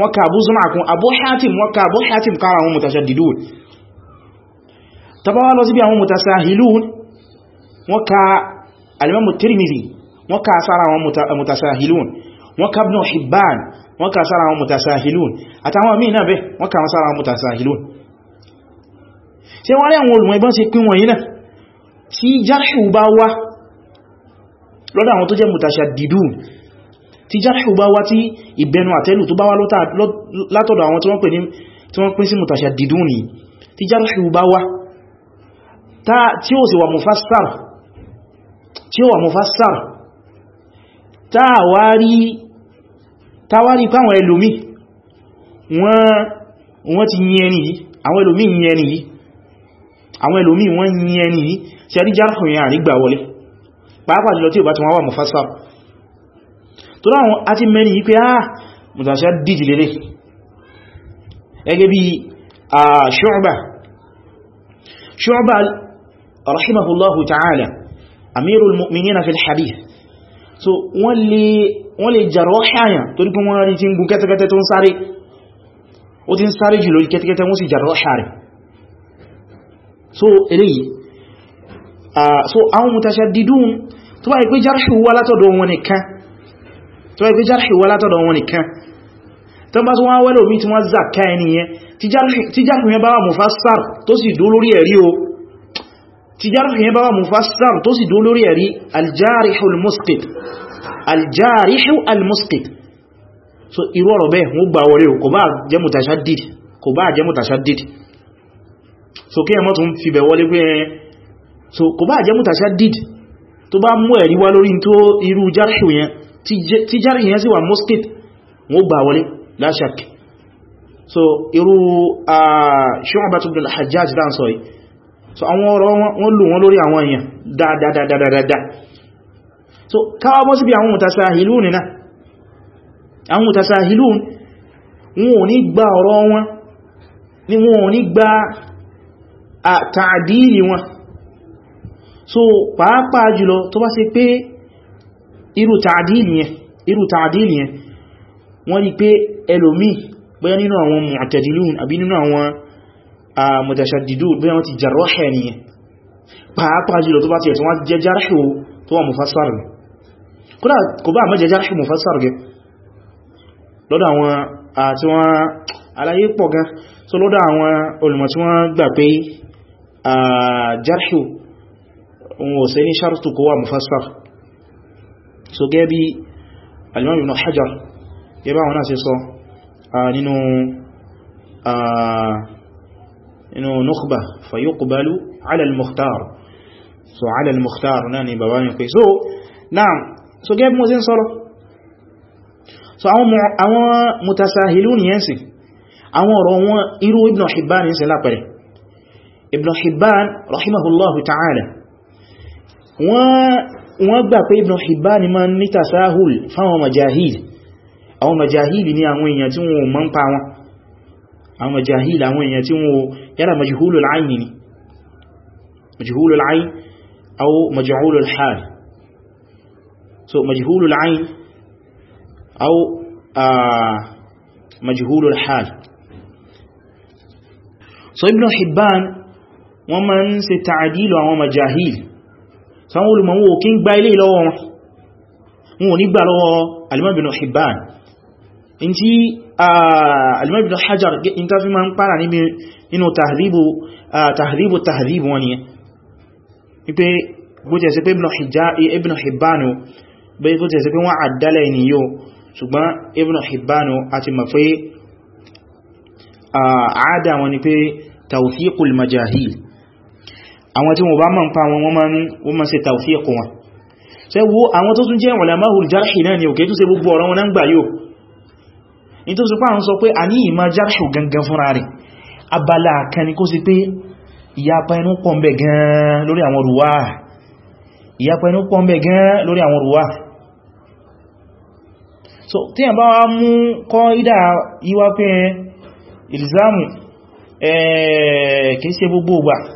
wọ́n ka Abu Zur'a kún Abu Hatim wọ́n ka Abu Hatim kára àwọn mutashaddidun tàbá wá lọ sí bí àwọn mutasahilun wọ́n ka alimamu Tirmidhi wọ́n ka sára àwọn mutasahilun wọ́n ka Ibn Hibban wọ́n ka sára àwọn mutasahilun àtàwọn míì náà bẹ́ wọ́n ka sára àwọn mutasahilun ṣe wọ́n rí àwọn olùmọ̀ ìbọn ṣe tí jarhu bá wá tí ìbẹnu àtẹ́lù tó bá wá látọ̀dọ̀ àwọn tí wọ́n pè ní tí wọ́n pín sí mutashaddidun ni tí jarhu bá wá tí ó sì wà mufassar tí ó wà mufassar táwárí pàwọn ẹlòmí wọ́n ti yẹn ni àwọn ẹlòmí yẹn ni àwọn ẹlòmí wọ́n yẹn ni ṣe àrí jarhu yẹn àrígbà wọlé pàápàá jùlọ tí ò bá ti wọ́n wà mufassar tó láwọn àti mẹ́rin yí pé ah mutashaddid lélẹ̀ gẹ́gẹ́ bí a Shu'ba Shu'ba rahimahullahu ta'ala amirul mu'minina fil hadith so wọ́n lè wọ́n lè jàrọ ṣáyàn torí pé wọ́n rí tí ń gún kẹ́tẹ́kẹ́tẹ́ tó ń sáré ó ti ń sáré jù lórí kẹ́tẹ́kẹ́tẹ́ wọ́n sì jàrọ ṣáàrẹ̀ so eléyìí so àwọn mutashaddidun tó bá ìpé jarṣù wá látọ̀dọ̀ wọn nìkan tó ẹgbẹ́ jarhi wá látọ̀dọ̀ wọn nìkan tó bá tún wá wẹ́lò mí tí wọ́n zàká ẹni yẹn tí jarhi yẹn bá wà so irú ọ̀rọ̀ bẹ́ẹ̀ wọ́n gbà wọlé o kò bá jẹ́ mutashaddid kò bá jẹ́ mutashaddid so kí ẹmọ́ tún fi bẹ̀ wọlé pé ẹn so kò bá jẹ́ mutashaddid tó bá mú ẹ̀rí wá lórí tó irú jarhi yẹn tí jari yẹn sí wà musqit wọ́n gbà wọlé la shak so irú Shu'bah ibn al-Hajjaj dáa sọ yìí so àwọn ọ̀rọ̀ wọ́n lù wọ́n lórí àwọn èèyàn dáadáadáadáa so káwà bọ́ síbi àwọn mutasahilun nìna àwọn mutasahilun wọn ò ní gba ọ̀rọ̀ wọn ni so pàápàá jùlọ tó bá irú tààdìlì yẹn wọ́n rí pé ẹlòmí bóyá nínú àwọn mu'tadilun àbí nínú àwọn mutashaddidun bóyá wọ́n ti jarraha ni pàápàá jùlọ tó bá ti ẹ̀tún wá jẹ́ jarhu tó wà mufassar rẹ̀ kódà kò bá mẹ́jẹ jarhu mufassar rẹ̀ lọ́dọ̀ àwọn àti wọ́n aláyé pọ̀ gan so lọ́dọ̀ sẹ́ ní shartu kó wà mufassar so gẹ́ bí alimam ibn hajar gẹ́ bá wọn náà ṣe sọ nínú nínú nukhba fayuqbalu ala al-mukhtar so ala al-mukhtar náà ni bàbá ní pé so naam so gẹ́ bí mo ṣe ń sọ́rọ̀ so àwọn mutasahilun yẹn sí àwọn ọ̀rọ̀ wọn irú ibn hibban ní sí ibn hibban rahimahullahu ta'ala wọ́n wọ́n gbà pé Ibn Hibban ni máa ń ní tasahul fáwọn majahil àwọn majahil ni àwọn èèyàn tí wọ́n mọ́ ń pa wọn àwọn majahil àwọn èèyàn tí wọ́n yára majhulul ayn ni majhulul ayn aw majhulul hal so majhulul ayn aw majhulul hal so Ibn Hibban wọ́n máa ń ṣe ta'dil àwọn majahil sáwọn olùmọ̀wó kí ń gba ilé lọ́wọ́ wọn wọn ò ní gbà lọ́wọ́ alimọ́bìnà Hibban in tí alimọ́bìnà Hajar in ta fi ma ń pàrà níbi inú tahribu tahribu wọn yẹn wípé bó tẹ̀ pé Ibn Hibban bó tẹ̀ pé wọ́n àdálẹ̀ ni ṣùgbọ́n Ibn Hibban àti mafai àádà wọn ni pé tawfiqul majahil àwọn tí wọ́n bá mọ̀ ń pa wọn wọ́n máa ṣe tawfiq wọn ṣe wo àwọn tó tún jẹ́ ulamahul jarhi náà ni òkè tún ṣe gbogbo ọ̀rọ̀ wọn náà gbà yóò ní tó sọ pé sọ pé a ní ìmá jarhu abala kan ni kó sì pé ìyapa inú pọ̀m̀bẹ̀ gan lórí àwọn ruwa so tí a bá wá mú kọ́ ìdá ìwá pé eh, gbogbo gbà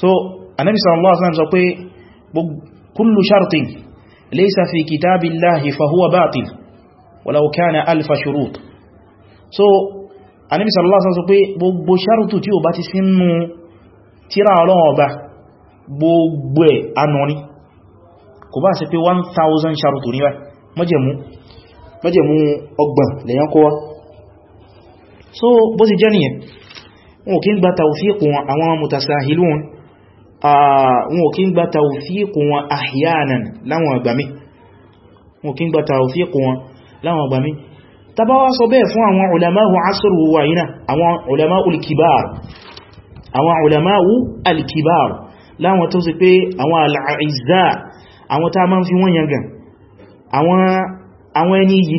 so anabi sallallahu alaihi wasallam sọ pé kullu shartin laysa fi kitabillahi fa huwa batil walau kana alfa shurut so anabi sallallahu alaihi wasallam sọ pé gbogbo sharutu tí ó bá ti sínú tírà Ọlọ́run Ọba gbogbo anoni kò bá ṣe pé 1000 sharutu ni wa májẹ̀mú májẹ̀mú ọgbọ̀n lẹ́yàn kó wá so bó sì jẹ́ nìyẹn wọn kí ń gba tàwífíkù àwọn mutasahilun wọn ò kí ń gba tàwífíkù wọn àhíyànan láwọn àgbàmí wọn ò kí ń gba tàwífíkù wọn láwọn àgbàmí tàbáwá sọ bẹ́ẹ̀ fún àwọn ulamahu asru wa yína àwọn ulamahu al-kibar àwọn ulamahu al-kibar láwọn tó sì pé àwọn al àwọn tá máa fi wọ́n yangan àwọn ẹni yìí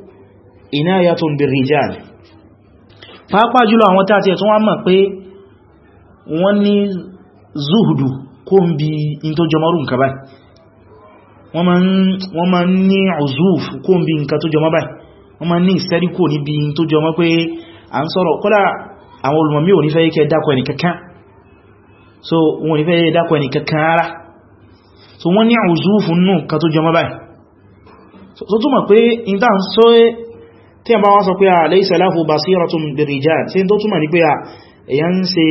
inayatun birrijal pàápàá jùlọ àwọn tàti ẹ̀ tó wọ́n mọ̀ pé wọ́n ní zuhudu kó ń bí in tó jọmọ́rù nǹkan báyìí wọ́n ma ń ní uzuf kó ń bí nǹkan tó jọmọ́ báyìí wọ́n ma ń ní ìsẹ́ríkò níbi in tó jọmọ́ pé à ń sọ̀rọ̀ kọ́lá àwọn olùmọ̀mí ò ní fẹ́ kẹ́ so wọ́n ní fẹ́ dákọ̀ so wọ́n ní uzuf nù nǹkan tó so túmọ̀ pé in tí a bá wá sọ pé a ah, laysa lahu basiratun birrijal sí tó túnmà ní pé a ah, èyàn se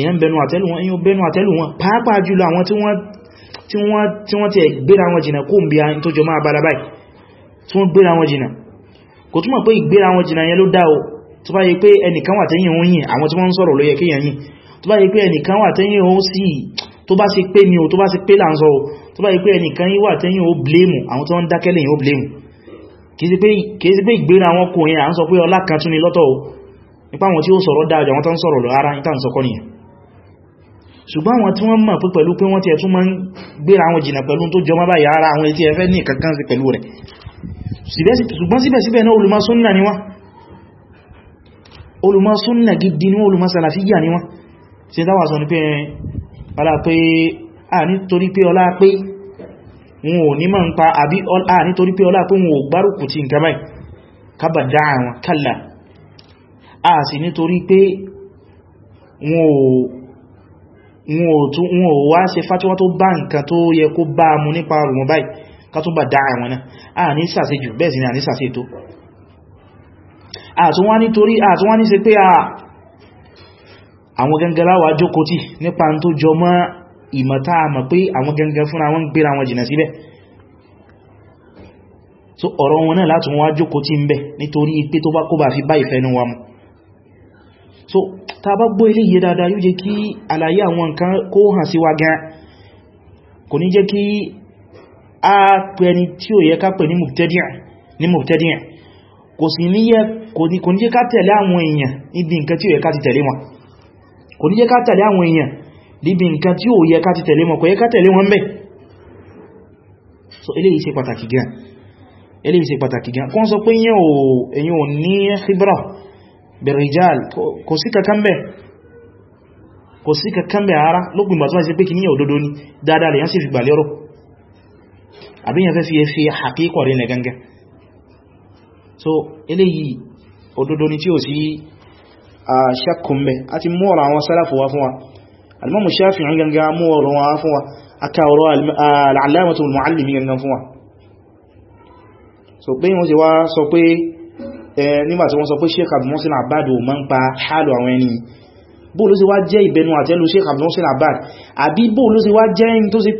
èyàn bẹnu àtẹ́lù wọn èyàn bẹnu àtẹ́lù wọn pàápàá jùlọ àwọn tí wọ́n ti gbéra wọn jìnà kó ń bí i tó jọ máa bala báyìí tí wọ́n gbéra wọn jìnà kò túnmà pé ìgbéra wọn jìnà yẹn ló dá o tó bá sì pé ni o tó bá sì pé là ń sọ o tó bá yẹ pé ẹnìkan yìí tẹ́yìn ó bléèmù àwọn tó ń dákẹ́lẹ̀ yìí ó kìí sí pé ìgbéra wọn kò yẹn à ń sọ pé ọlá kan tún ní lọ́tọ̀ o nípa wọn tí ó sọ̀rọ̀ dáadọ̀ wọn tán sọ̀rọ̀ ara ní tàn sọkọ́ nìyàn ṣùgbọ́n wọn tí wọ́n mọ̀ pé pẹ̀lú pé wọ́n ti ẹ̀tún máa ń gbéra wọn jìnà pẹ̀lú tó jọ mábáyà ni wọ́n olùmọ̀ súnnà gidi ni wọ́n olùmọ̀ sàlàfíyà ni wọ́n ṣe dáwà sọ wọn ò ní máa ń pa àbí ọlá nítorí pé ọlá pé wọn ò gbárùkù ti nǹkan báyìí kábà dá àwọn kálà a sì nítorí pé wọn ò wá ṣe fátíwá tó bá nǹkan tó yẹ kó bá mú nípa rùn báyìí ká tó bà dá àwọn náà a ní sàṣejù bẹ́ẹ̀ sí ni a ní sàṣètò ìmọ̀ta àmọ̀ pé àwọn gẹngẹn fúnra wọn ń gbéra wọn jìnà síbẹ̀ so ọ̀rọ̀ wọn náà látún wá jókòó tí ń bẹ nítorí pé tó bá kó bá fi bá ìfẹ́nu wa mu so ta bá gbọ́ ilé yìí dáadáa yóò jẹ́ kí àlàyé àwọn nǹkan kó hàn sí wa gan kò ní jẹ́ kí a pẹ ni tí ó yẹ ká pẹ ní kò sì ní yẹ kò ní jẹ́ ká tẹ̀lé àwọn èèyàn níbi nǹkan tí ó ti tẹ̀lé wọn kò ní jẹ́ ká tẹ̀lé àwọn èèyàn níbi nǹkan tí ó yẹ ká ti tẹ̀lé wọn kò yẹ ká tẹ̀lé wọn bẹ́ so eléyìí ṣe pàtàkì gan eléyìí ṣe pàtàkì gan kọ́n sọ pé èyàn ò ní khibra birijal kò sí kankan bẹ́ kò sí kankan bẹ́ ara lópin ìgbà tó ni dáadáa lèyàn sì fi gbà lérò àbí yẹn fẹ́ fi ẹfẹ́ so eléyìí òdodo ni tí ò sí ṣakùnbẹ̀ àti mọ́ra àwọn sálàfò fún wa alimamu shafi'i ganga mú ọ̀rọ̀ wọn fún wa aka ọ̀rọ̀ al'alamatul mu'allimi gangan fún wa so pé wọ́n sì wá sọ pé nígbàtí wọ́n sọ pé sheikh abdul musin abad o máa ń pa hálù àwọn ẹni bóò ló sì wá jẹ́ ìbẹnu àtẹ́lù sheikh abdul musin abad dandan ní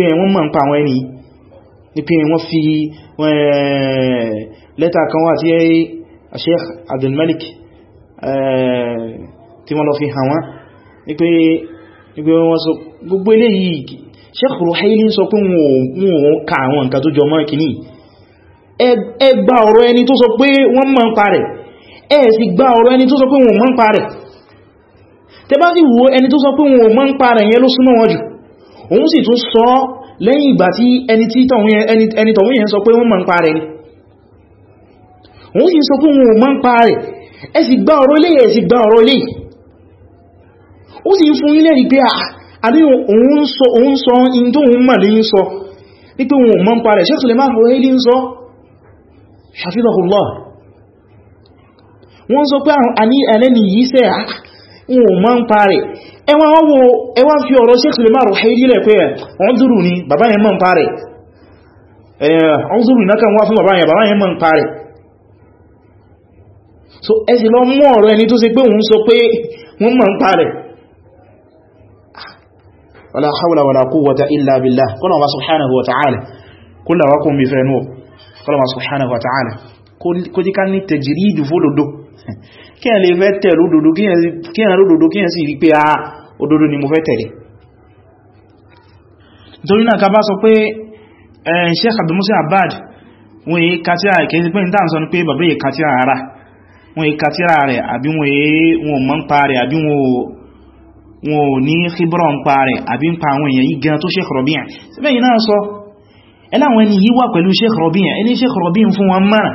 pé wọ́n máa ń pa àwọn ẹni ní pé wọ́n fi eh, lẹ́tà kan wà tí eh, Sheikh Abdul Malik eh, tí wọ́n lọ fi hàn wọ́n ní pé wọ́n sọ gbogbo eléyìí Sheikh Ruhaili sọ pé wọ́n ò ka àwọn nǹkan tó jọ mọ́ kìíní ẹ gba ọ̀rọ̀ ẹni tó sọ pé wọ́n mọ̀ ń pa rẹ̀ ẹ sì gba ọ̀rọ̀ ẹni tó sọ pé wọ́n mọ̀ ń pa rẹ̀ sì wo ẹni tó sọ pé wọ́n mọ̀ ń pa yẹn ló súnmọ́ wọn jù òun sì tún sọ lẹ́yìn ìgbà tí ẹni tí tọ̀wọ́n yẹn sọ pé wọ́n mọ̀ ń pa rẹ̀ wọ́n sì sọ pé wọ́n mọ̀ ń pa rẹ̀ ẹ sì gbá ọ̀rọ̀ ilé ẹ sì gbá ọ̀rọ̀ ilé ó sì fún ilé rí pé ah, àrí òun sọ òun sọ in tó òun mọ̀ lẹ́yìn sọ ní pé wọ́n mọ̀ ń pa rẹ̀ Sheikh Suleiman ẹwà wọ́wọ́ ẹwà fi ọ̀rọ̀ Sheikh Suleiman Ruhaili lẹ́ pé zuru ni bàbá yẹn mọ́ ń parẹ̀ ọ̀nzúrù iná kan wá fún bàbá yẹn bàbá yẹn mọ́ ń parẹ̀ so ẹsì lọ mọ́ ọ̀rọ̀ ẹni tó ṣe pé òun sọ pé wọ́n mọ́ ń parẹ̀ wala illa billah wa kí ẹ lè fẹ́ tẹ̀ lódòdó kí ẹ lódòdó kí ẹ sì rí pé a ah, òdòdó ni mo fẹ́ tẹ̀lé torí náà ká bá sọ pé Sheikh Abdul Musa Abbad wọ́n yí kátírà ìkẹsí pé ìta sọ ní pé bàbá yí kátírà ara wọ́n yí kátírà rẹ̀ àbí wọ́n yí wọn mọ́ ń pa rẹ̀ àbí wọn ò ní kíbrọ̀ ń pa rẹ̀ àbí ń pa àwọn èèyàn yí gan tó Sheikh Rabi' síbẹ̀ ẹni yí pẹ̀lú Sheikh ẹni Sheikh fún wọn mọ́ràn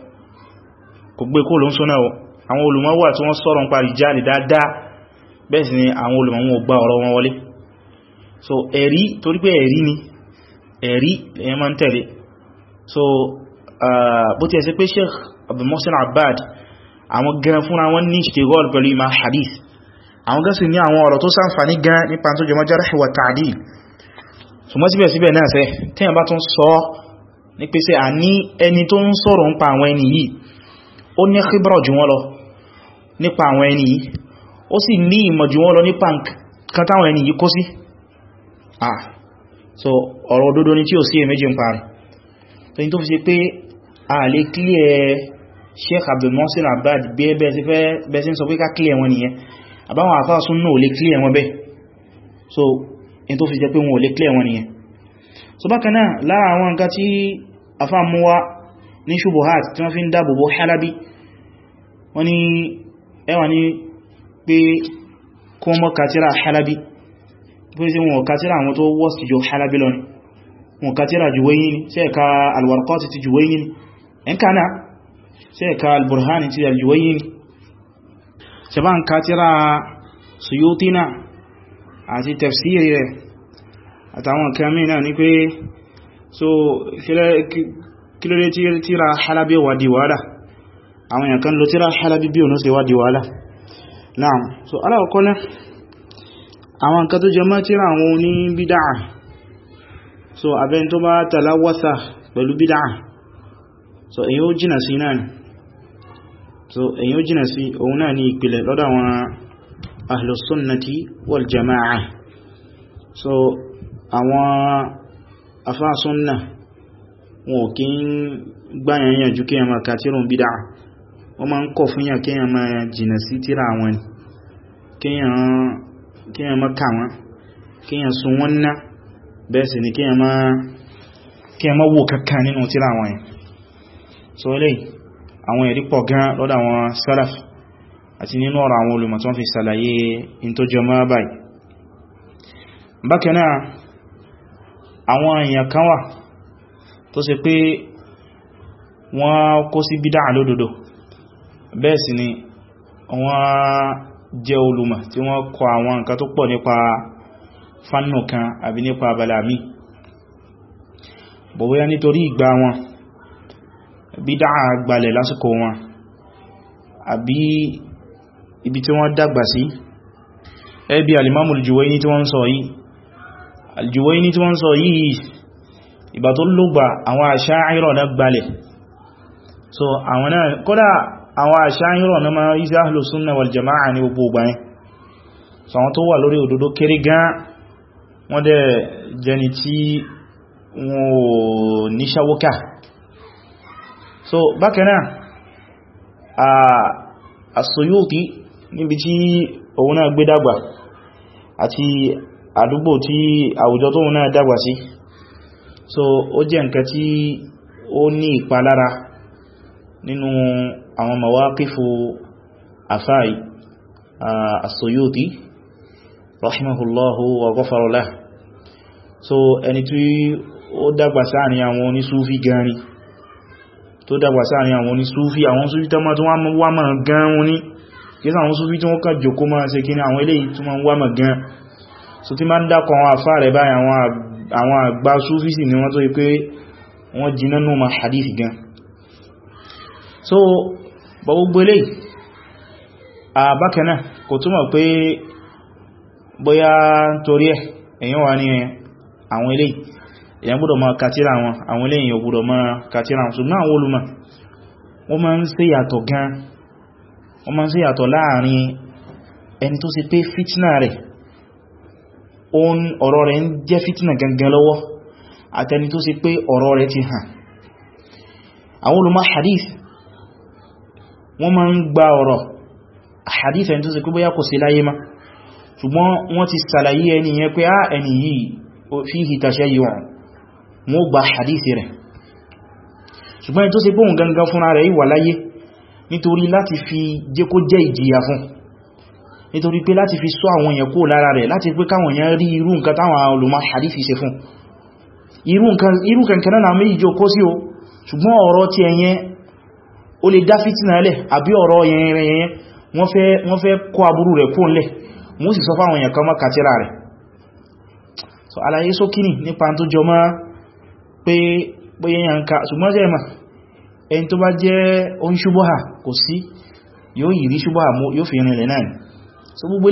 kò gbé kó ló ń súnà àwọn olùmọ̀ wà tí wọ́n sọ̀rọ̀ ń parí jáde dáadáa bẹ́ẹ̀ sì ni àwọn olùmọ̀ wọn ò ọ̀rọ̀ wọn wọlé so ẹ̀rí torí pé ẹ̀rí ni ẹ̀rí èyàn máa ń tẹ̀lé so bó ti ẹ̀sẹ̀ pé Sheikh Abdul Mohsin Abbad àwọn gan ní ìṣtẹ̀gọ́ọ̀lù pẹ̀lú hadith àwọn gan sì ní àwọn ọ̀rọ̀ tó ṣàǹfààní gan nípa tó jẹmọ́ jarh wa ta'dil ṣùgbọ́n síbẹ̀síbẹ̀ náà sẹ́ tẹ́yàn bá tún sọ ní pé sẹ́ àní ẹni tó ń sọ̀rọ̀ ń pa àwọn ẹni yìí ó ní khibra jù wọ́n lọ nípa àwọn ẹni yìí ó sì ní ìmọ̀ jù wọ́n lọ nípa nǹkan ẹni yìí kó sí ah so ọ̀rọ̀ òdodo ni tí ò sí èméjì ń parí tó ní tó fi ṣe pé a lè clear Sheikh Abdul Mohsin Abbad bí ẹbẹ́ sí fẹ́ bẹ́ sí sọ pé ká clear wọn nìyẹn àbáwọn àfáà sún náà lè clear wọn bẹ́ so in tó fi jẹ́ pé wọn ò lè clear wọn nìyẹn so bákan náà lára àwọn nǹkan tí afáà mú wá ní ṣubuhat tí wọ́n fi ń dáàbòbò halabi wọ́n ni ẹwà ní pé kó mọ́ kàtírà halabi bí i wọn kàtírà àwọn tó wọ́ sí halabi lọ ni wọn kàtírà juwayi ni sai ka alwarqati ti juwayi ni ẹn kana sai ka alburhani ti aljuwayi ni sai ba n kàtírà suyutina àti tafsiri rẹ̀ àtàwọn kàmí náà ni pé so kílódé tí ra halabi wà àwọn èèyàn kan lọ tíra halabi bí òun ṣe wá di wàhálà náà so aláwọ̀kọ́ náà àwọn nǹkan tó jẹ mọ́ tíra àwọn oní bídáà so abẹ́ni tó bá tàláwọ́sà pẹ̀lú bídáà so èyí ó jìnà sí náà ni so èyí ó jìnà sí òun náà ní ìpìlẹ̀ lọ́dọ̀ àwọn gbáyànyàn jù kí a máa kàtírùn bídáà wọ́n máa ń kọ̀ fún yàn kéèyàn máa jìnà sí tírà wọn ni kéèyàn máa kà wọ́n kéèyàn sun wọ́n ná bẹ́ẹ̀ sì ni kéèyàn máa wò kankan nínú tírà wọn yẹn so eléyìí àwọn ẹ̀rí pọ̀ gan lọ́dọ̀ àwọn salaf àti nínú ọ̀rọ̀ àwọn olùmọ̀ tí wọ́n fi ṣàlàyé in tó jọmọ́ báyìí bákanáà àwọn wọ́n kó sí bídá lódodo bẹ́ẹ̀ ni wọ́n jẹ́ olùmọ̀ tí wọ́n kọ àwọn nǹkan tó pọ̀ nípa fánù kan àbí nípa abala mi bọ̀bọ̀yá nítorí ìgbà wọn bídá àgbàlẹ̀ lásìkò wọn àbí ibi tí wọ́n dàgbà sí ẹbí alimamu aljuwaini tí wọ́n sọ yìí aljuwaini tí wọ́n sọ yìí ìgbà tó lógbà àwọn àṣà àìrọ̀ náà gbalẹ̀ so àwọn náà kódà àwọn àṣáyìnrọ̀ na máa rí záhìlò súnnà wal ní gbogbo gbáyìn sàwọn tó wà lórí òdodo kéré gan wọ́n dẹ̀ jẹni tí wọ́n ní so bákanáà a as-Suyuti níbi tí òun náà gbé dàgbà àti àdúgbò tí àwùjọ tóun náà dàgbà sí so ó jẹ́ nǹkan tí ó ní ìpalára nínú àwọn mawaqifu afai as-Suyuti rahimahullahu wa ghafara so ẹni tí ó dàgbà sáàrin àwọn onísúfí gani tó dàgbà sáàrin àwọn onísúfí àwọn súfí tó máa tó wá mọ̀ gan wọn ní kìí sáwọn súfí tí wọ́n kà jòkó máa ṣe kí ní àwọn eléyìí tó máa wá mọ̀ gan so tí máa ń dákọ̀ àwọn àfáà rẹ̀ báyìí àwọn àgbà súfí sì ni wọ́n tó yí pé wọ́n jiná nù ma hadithi gan so bọ̀ gbogbo ilé àbákẹ́nà kò túnmọ̀ pé bóyá torí ẹ̀ èyàn wà ní àwọn ilé èyàn gbọ́dọ̀ máa kàtírà wọn àwọn ilé èyàn gbọ́dọ̀ máa kàtírà wọn ṣùgbọ́n àwọn olùmọ̀ wọ́n gan wọ́n máa ń ṣe yàtọ̀ láàrin ẹni tó sì pé fitna rẹ̀ òun ọ̀rọ̀ rẹ̀ ń jẹ́ fitna gangan lọ́wọ́ àtẹni tó ti hàn àwọn olùmọ̀ hadith wọ́n máa ń gba ọ̀rọ̀ hadith ẹni tó ṣe pé bóyá kò sí láyé má ṣùgbọ́n wọ́n ti sàlàyé ẹni yẹn pé á ah, ẹni yìí fihi tashayyu'un wọ́n gba hadith rẹ̀ ṣùgbọ́n ẹni tó ṣe bóhun gangan fúnra rẹ̀ ìwà láyé nítorí láti fi jẹ́ kó jẹ́ ìjìyà fún nítorí pé o ṣùgbọ́n ọ̀rọ̀ ti ẹ̀yẹn ó lè dá fìtínà lẹ̀ àbí ọ̀rọ̀ yẹnyẹnyẹn wọ́n fẹ́ kó aburú rẹ̀ kó nlẹ̀ wọ́n sì sọ fáwọn èèyàn kan mọ́ kàtírà rẹ̀ so àlàyé sókínì nípa tó jọ mọ́ pé bóyẹ̀yàn ká ṣùgbọ́n jẹ́ ẹ̀mà ẹni tó bá jẹ́ oún ṣubọ́hà kò sí yóò yìí rí ṣubọ́hà mú yóò so gbogbo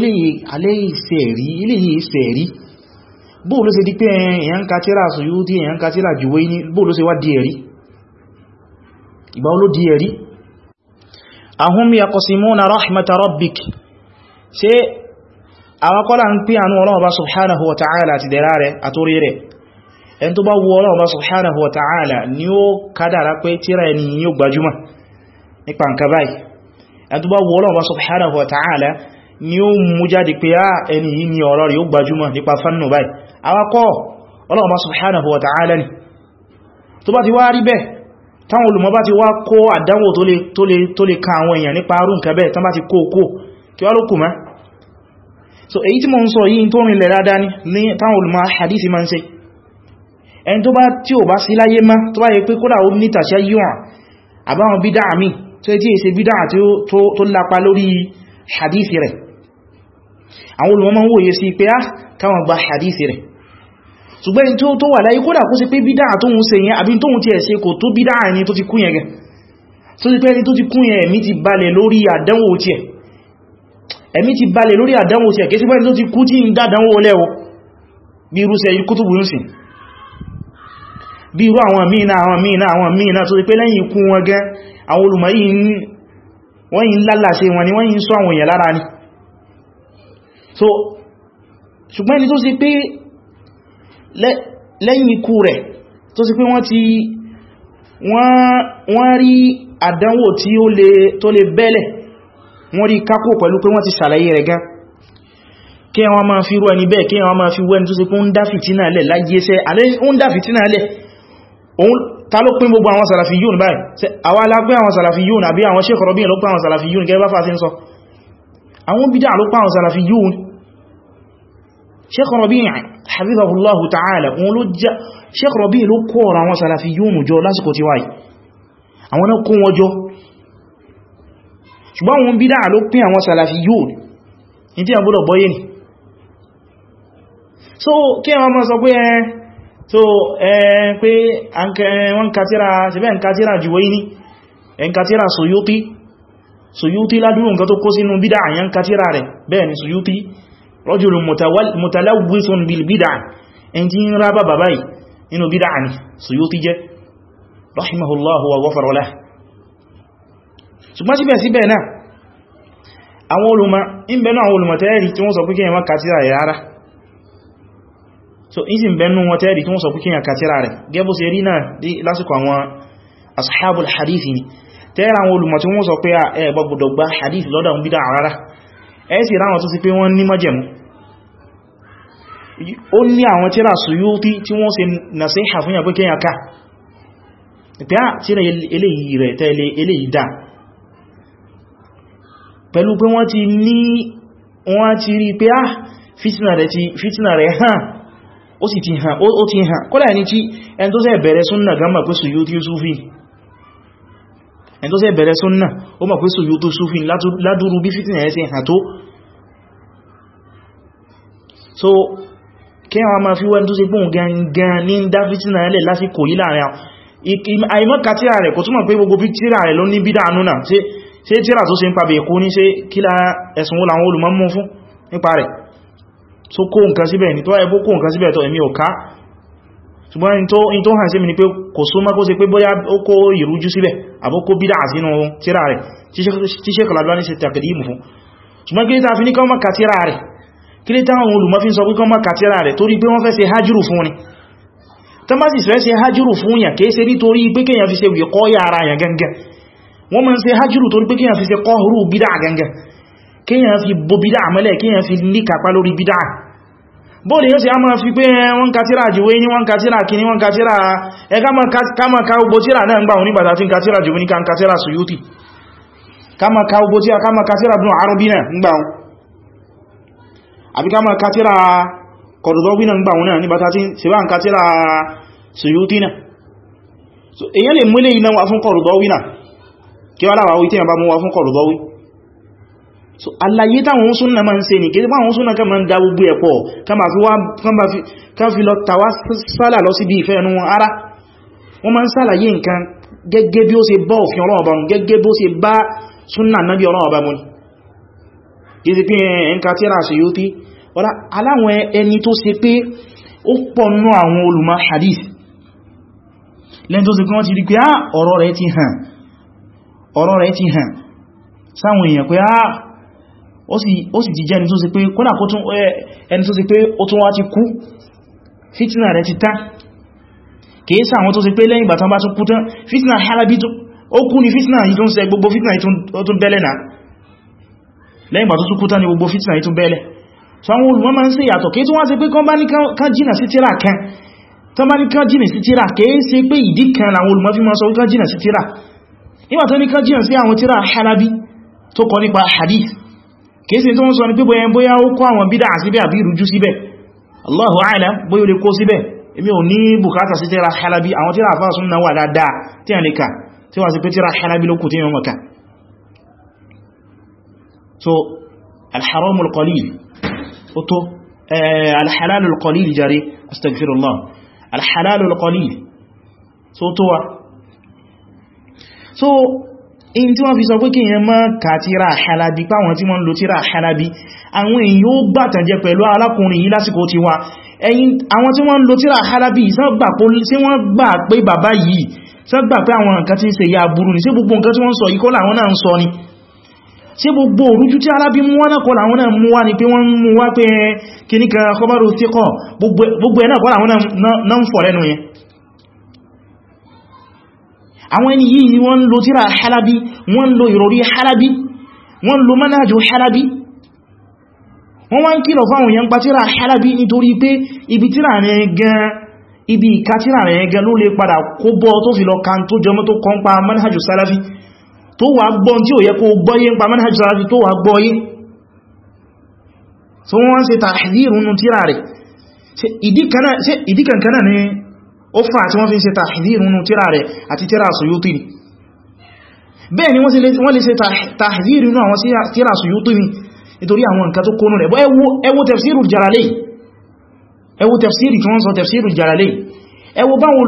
eléyìí sẹ̀rí bóò ló ṣe di pé èèyàn ìgbà oló di ẹ̀rí ahum yaqsimuna rahmata rabbik ṣe àwọn kọ́lá ń pín àánú Ọlọ́run bá subhanahu wa ta'ala ti dẹ̀rá rẹ̀ àtórí rẹ̀ ẹn tó bá wu Ọlọ́run bá subhanahu wa ta'ala ni ó kádàrá pé tíra ẹni yóò gbajúmọ̀ nípa nǹkan báyìí ẹn tó bá wu Ọlọ́run subhanahu wa ta'ala ni ó mú táwọn olùmọ̀ bá ti wá kó àdánwò tó lè kan àwọn èèyàn nípa arú nǹkan bẹ́ẹ̀ tán bá ti kó kó kí wá ló kù mẹ́ so èyí tí mo ń sọ yìí tó rìnlẹ̀ dáadáa ní táwọn olùmọ̀ hadisi ma ń ṣe ẹni tó bá tí ò bá sí láyé má tó bá yẹ pé kódà ó ní tàṣẹ́ yíwọ̀n àbáwọn bídá àmì tó tí èsè ṣùgbọ́n ẹni tó wà láyé kódà kó ṣe pé bídá àtóhun ṣe yẹn àbí tóhun ti ẹ̀ṣe kò tó bídá ẹni tó ti kú yẹn gẹ̀ tó ti pé ẹni tó ti kú yẹn ẹ̀mí ti balẹ̀ lórí àdánwò tí ẹ̀ ẹ̀mí ti balẹ̀ lórí àdánwò tí ẹ̀ kéṣe pẹ́ni tó ti kú tí ń dádánwò lẹ́wọ́ bí irú sẹ ni so ṣùgbọ́n ẹni tó ti pé lẹ́yìn ikú rẹ̀ tó sì pé wọ́n ti wọ́n rí àdánwò tí ó lè tó lè bẹ́lẹ̀ wọ́n rí kákò pẹ̀lú pé wọ́n ti sàlàyé rẹ̀ gan kí wọ́n máa fi rú ẹni bẹ́ẹ̀ kí wọ́n máa fi wẹ́ni tó sì pé ń dá fìtínà lẹ̀ láyéṣẹ́ alẹ́ ń dá fìtínà lẹ̀ òun ta ló pín gbogbo àwọn sàlàfí yóò báyìí àwọn alágbé àwọn sàlàfí yóò àbí àwọn sẹ́kọ̀rọ̀bí ló pín àwọn sàlàfí yóò gẹ́gẹ́ bá sí ń sọ àwọn bídá ló àwọn sàlàfí yóò sheikh rabi' hafizahullahu ta'ala wọn ló jẹ́ sheikh rabi' ló kó ọ̀rọ̀ àwọn salafiyun jọ lásìkò ti wáyìí àwọn náà kó wọn jọ ṣùgbọ́n àwọn bídá ló pín àwọn salafiyun ní tí a gbọ́dọ̀ bọ́yé ni so kí ẹwà mọ́ sọ pé ẹ eh, so ẹ eh, pé wọ́n kàtíra ṣẹbẹ́ nkàtíra Juwayni nkàtíra Suyuti Suyuti ládúrù nǹkan tó kó sínú bídá àyàn kàtíra rẹ̀ bẹ́ẹ̀ ni Suyuti rọ́jùlù mutalawisun bil bid'a ẹn tí ń rábà bàbá yìí inú bid'a ni Suyuti jẹ́ rahimahullahu wa ghafara lahu ṣùgbọ́n síbẹ̀síbẹ̀ náà àwọn olùmọ̀ in bẹ̀nú àwọn tí wọ́n sọ pé so in sì bẹ̀nú wọn tẹ́ẹ̀rì tí wọ́n sọ pé kíyàn kàtírà rẹ̀ gẹ́bù sí rí náà dí lásìkò àwọn ashabul hadithi ni tẹ́ẹ̀rì àwọn olùmọ̀ tí wọ́n sọ pé ẹ gbọ́gbọ́dọ̀ hadith lọ́dọ̀ àwọn bídá rárá e si tó sì pé wọ́n ní májẹ̀mú ó ní àwọn tíra Suyuti tí wọ́n ṣe nasiha fún yàgbé kíyà ká pé á ah, tíra eléyìí rẹ̀ tẹ́lẹ̀ eléyìí dá pẹ̀lú pé wọ́n ti ní wọ́n ti rí pé á ah, fìtínà rẹ̀ hàn ó ti hàn ti kọ́lá ẹni tí ẹni tó sẹ́ bẹ̀rẹ̀ gama pé Suyuti Sufi ẹni tó ṣe bẹ̀rẹ̀ súnnà ó mọ̀ pé sùjú tó súfin ládúrú bí fìtínà ẹ̀ sí hàn tó so kí wọ́n máa fi wẹ́n tó ṣe pún gangan ní dá fìtínà ẹlẹ̀ lásìkò yí láàrin àìmọ́ka tíra rẹ̀ kò túnmọ̀ pé gbogbo tíra rẹ̀ ló ní bídá ànúnà ṣe tíra tó ṣe ń pàbẹ̀ kó ní ṣe kí lá ẹ̀sùn wó làwọn olùmọ́mú ṣùgbọ́n in tó hàn sí mi ni pé kò súnmọ́ kó ṣe pé bóyá ó kó ìrújú síbẹ̀ àbókó bídá àsínú tíra rẹ̀ tí ṣe kọ̀lá lọ́ní sí tàkìdìmù fún ṣùgbọ́n kí lítà fi ní kọ́mọ̀ kà tíra rẹ̀ kí lítà àwọn olùmọ́ fi sọ pé kọ́mọ̀ rẹ̀ torí pé wọ́n fẹ́ ṣe hajjúrù fún ni tọ́másì fẹ́ ṣe hajjúrù fún yàn kìí ṣe nítorí pé kíyàn fi ṣe wìkọ́ yàrá yàn gangan wọ́n mọ́ ṣe hajjúrù torí pé kíyàn fi ṣe kọ́hùrù bídá gangan kíyàn fi bo bídá àmọ́lẹ̀ kíyàn fi ní lórí bídá bóòlù yóò sì a máa fi pé eh, wọ́n kàtírà jùwé ní wọ́n kàtírà kìíní wọ́n kàtírà ẹgbà kama ka ugbo tíra náà ń gbà òní bàtà tí ń kàtírà jùwé ní ká ń kàtírà suyuti kama ka ugbo tíra kama kàtírà bin arabi náà ń gbà àbí kama kàtírà kọ̀dọ̀dọ̀gbì náà ń gbà òní bàtà tí síwá ń kàtírà suyuti náà èyàn lè múlé iná wa fún kọ̀dọ̀dọ̀gbì náà kí wá láwàá wí tí yàn bá so àlàyé táwọn súnnà máa ń ṣe ní kí wọ́n súnnà ká máa ń dá gbogbo ẹ̀pọ̀ ká fi lọ tàwà sálà lọ sí bí ìfẹ́ ẹnu wọn ara wọ́n máa ń sàlàyé nǹkan gẹ́gẹ́ bí ó ṣe bá òfin Ọlọ́run bá mu gẹ́gẹ́ bí ó ṣe bá súnnà nábí Ọlọ́run bá mu ní ìsì pé ẹnkà tí ra ṣe yóò tí ọ̀rá aláwọn ẹni tó ṣe pé ó pọ̀nú àwọn olùmọ̀ hadith lẹ́n tó ṣe pé ti rí pé á ah, ọ̀rọ̀ rẹ̀ ti hàn sáwọn èèyàn pé á ah, ó sì ti jẹ́ ẹni tó ṣe pé kódà kó tún ẹni tó ṣe pé ó tún wá ti kú fitna rẹ̀ ti tán kìí sí àwọn tó ṣe pé lẹ́yìn ìgbà tán bá tún kú tán fitna halabi ó kú ni fitna yìí tó ń ṣe gbogbo fitna yìí tó ń bẹ́lẹ̀ náà lẹ́yìn ìgbà tó tún kú tán ni gbogbo fitna yìí tó bẹ́lẹ̀ so àwọn olùmọ̀ máa ń ṣe yàtọ̀ kìí tún wá ṣe pé kán bá ní kán jìnà sí tíra kan tán bá ní kán jìnà sí tíra kìí ṣe pé ìdí kan làwọn olùmọ̀ fi máa sọ kán jìnà sí tíra nígbà tó ní kán jìnà sí àwọn tíra halabi tó kọ nípa hadith kéèsì tó ń sọ ní pípọ̀ yẹn bóyá ó kó àwọn bídá síbẹ̀ àbí ìrújú síbẹ̀ Allahu a'lam bóyá ó lè kó síbẹ̀ èmi ò ní bùkátà sí tẹ́ra halabi àwọn tẹ́ra àfáà súnnà wà dáadáa tí a lè tí wà sí pé tẹ́ra halabi ló kù tí yẹn mọ̀ká so alharamul qalil ó tó eh, alhalalul qalil jari astagfirullah alhalalul qalil so tó wa so in tí wọ́n fi sọ pé kí èyàn máa kà tíra Halabi páwọn tí wọ́n lò tíra Halabi àwọn èyàn ó gbàtànjẹ pẹ̀lú alákùnrin yìí lásìkò ti wá ẹ̀yìn àwọn tí wọ́n lò tíra Halabi sí wọ́n gbà pé bàbá yìí sọ gbà pé àwọn nǹkan tí ń ya burú ni ṣé gbogbo nǹkan tí wọ́n sọ yìí kọ́ làwọn náà ń sọ ni ṣé gbogbo òrújú tí Halabi mú wá náà kọ́ làwọn náà mú wá ni pé wọ́n mú wá pé kíníkan kọmọ́rò tí gbogbo ẹ̀ náà kọ́ làwọn náà ń fọ̀ lẹ́nu yẹn àwọn ẹni yìí wọ́n ń lo tíra halabi wọ́n ń lo ìròrí halabi wọ́n ń lo manhaju halabi wọ́n wá ń kìlọ̀ fáwọn èèyàn pa tíra halabi nítorí pé ibi tíra rẹ̀ gan ibi ìka tíra rẹ̀ gan ló lè padà kó bọ́ tó fi lọ kan tó jọmọ́ tó ìdí kankaná ni ó fà tí wọ́n fi ń ṣe tàhìdìrì nínú tíra rẹ̀ àti tíra Suyuti ni bẹ́ẹ̀ ni wọ́n lè ṣe tàhìdìrì nínú àwọn tíra Suyuti ni nítorí àwọn nǹkan tó kónú rẹ̀ ẹ wo tafsirul Jalalayn ẹ wo tafsiri tí wọ́n sọ tafsirul Jalalayn ẹ wo báwọn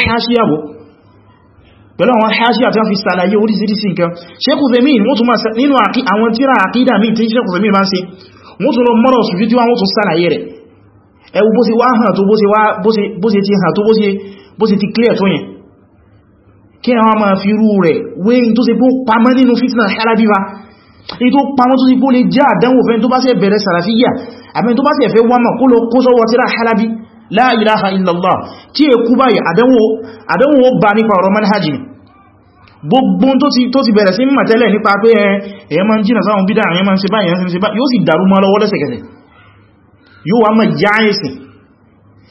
olùmọ̀ pẹ̀lú àwọn ṣáṣíà tí wọ́n fi sàlàyé orísìírísìí nǹkan ṣékù zemin wọ́n tún máa nínú àwọn tíra àkídà míì tí ṣékù zemin máa ń ṣe wọ́n tún lọ mọ́rọ̀ sùfí tí wọ́n tún sàlàyé rẹ̀ ẹwú bó ṣe wá hàn tó bó ṣe ti hàn tó bó ṣe ti clear tó yẹn kí àwọn máa fi rú rẹ̀ wé tó ṣe bó pamọ́ nínú fitna halabiba èyí tó pamọ́ tó ṣe bó lè jẹ́ àdánwò fẹ́ tó bá ṣe bẹ̀rẹ̀ sàràfíyà halabi la ilaha illallah tí è kú báyìí àdánwò ó bá nípa ọ̀rọ̀ manhajì gbogbo tó ti bẹ̀rẹ̀ sí mọ̀ tẹ́lẹ̀ nípa pé ẹ̀yẹn ma ń jìnà sáwọn bídá ẹ̀yẹn ma ń ṣe báyìí ẹ̀yẹn ṣe báyìí yóò sì dàrú mọ́ lọ́wọ́ lẹ́sẹ̀kẹsẹ̀ yóò wá mọ̀ já ẹ̀sìn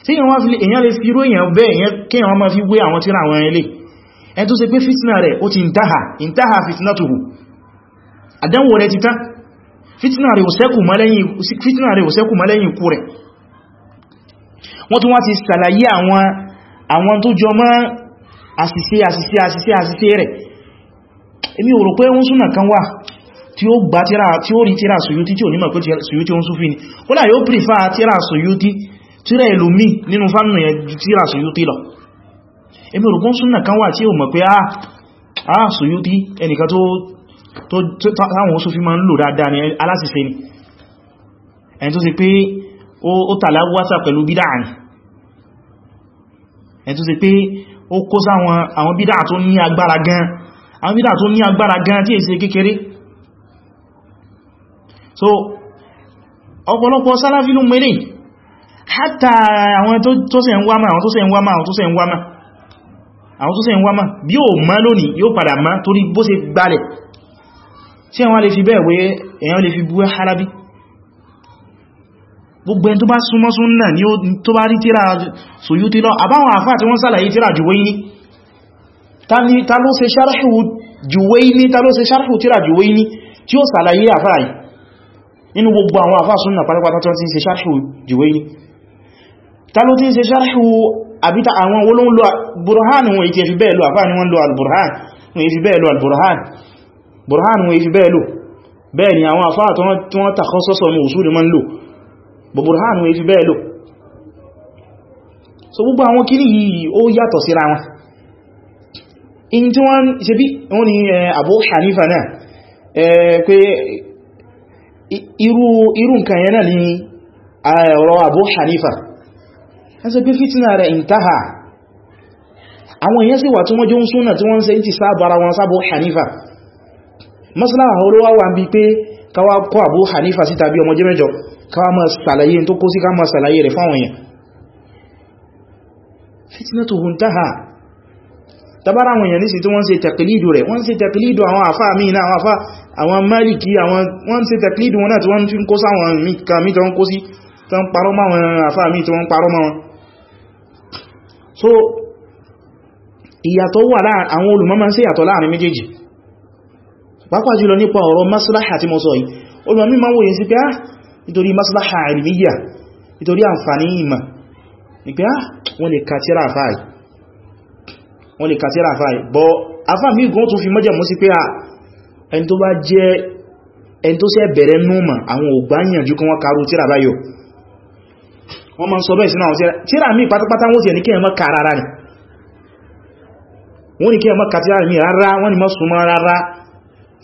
tí èyàn wá fi lè èyàn lè fi ró èyàn bẹ́ èyàn kí èyàn máa fi wé àwọn tíra àwọn ilé ẹ tó ṣe pé fitna rẹ̀ ó ti ìntáhà ìntáhà fitna tó hù àdánwò rẹ̀ ti tán fitna rẹ̀ ò sẹ́kù mọ́ lẹ́yìn ikú rẹ̀ wọ́n tún wá ti sàlàyé àwọn àwọn tó jọ mọ́ àṣìṣe àṣìṣe àṣìṣe àṣìṣe rẹ̀ èmi ò rò pé ń súnà kan wà tí ó gbá tí ó rí tíra Suyuti tí ò nímọ̀ pé Suyuti ó ń súnfí ni kódà yóò prefer tíra Suyuti tíra ìlúmí nínú fánà yẹn ju tíra Suyuti lọ èmi ò rò pé ń súnà kan wà tí ó mọ̀ pé ah, ah Suyuti ẹnìkan tó táwọn súnfí máa ń lò dáadáa ni aláṣìṣe ni ẹni tó sì pé ó tàlá wásà pẹ̀lú bídá ní ẹ̀tún sí pé ó kó sáwọn àwọn bídá tó ní agbára gan àwọn bídá tó ní agbára gan tí èsì kékeré so ọ̀pọ̀lọpọ̀ sáláfílù mẹ́lẹ̀ hátà àwọn tó sẹ̀ ń wámà àwọn tó sẹ̀ ń wámà àwọn tó sẹ̀ ń wámà àwọn tó sẹ̀ ń wámà bí ò mọ́ lónìí yóò padà mọ́ torí bó ṣe gbalẹ̀ tí àwọn lè fi bẹ́ẹ̀ wé èèyàn lè fi bú hálábí gbogbo ẹni tó bá súnmọ́ súnnà ni ó tó bá rí tíra Suyuti lọ àbáwọn àfá àti wọ́n sàlàyé tíra Juwayni ta ló ṣe ṣarhu Juwayni ta ló ṣe ṣarhu tíra Juwayni tí ó sàlàyé àfá yìí nínú gbogbo àwọn àfá súnnà pátápátá tó ti ń ṣe ṣarhu ni wọ́n lo al-burhan wọn èyí fi bẹ́ẹ̀ lo al-burhan burhan tí wọ́n tàkọ́ sọ́sọ́ ní bọ̀ ha wọ́n fi bẹ́ẹ̀ lò so gbogbo àwọn kìrí yìí ó yàtọ̀ síra wọn in tí wọ́n ṣe bí wọ́n Abu Hanifa náà pé irú nǹkan yẹn náà ni ọ̀rọ̀ Abu Hanifa wọ́n sọ pé fitna rẹ̀ intaha àwọn èèyàn sì wà tí wọ́n jọ ń súnà tí wọ́n Hanifa káwà kọ́ Abu Hanifa sí tàbí ọmọ jẹ́mẹ́jọ káwà máa sàlàyé tó kó sí ká máa sàlàyé rẹ̀ fáwọn èèyàn fitnatuhun taha tabara àwọn èèyàn nísì tí wọ́n ṣe tẹ̀kìlìdù rẹ̀ wọ́n ṣe tẹ̀kìlìdù àwọn àfá àmìnà àwọn àfá àwọn Málìkì wọ́n ṣe tẹ̀kìlìdù wọn náà tí wọ́n fi ń kó sáwọn kàmí tó ń kó sí tó ń parọ́ máwọn àfá àmì tó ń parọ́ máwọn pàápàá jùlọ nípa ọ̀rọ̀ maslaha tí mo sọ yìí olùmọ̀ mi máa wòye sí pé á ah, nítorí maslaha ilmiya nítorí àǹfàní ìmọ̀ ní á ah, wọ́n lè kàtíra àfáì bọ́ afá mi gún tó fi mọ́jẹ̀ mú sí pé á ah, ẹni tó bá jẹ́ ẹni tó sẹ́ wọ́n ma ni kí rárá wọ́n mọ́ súnmọ́ rárá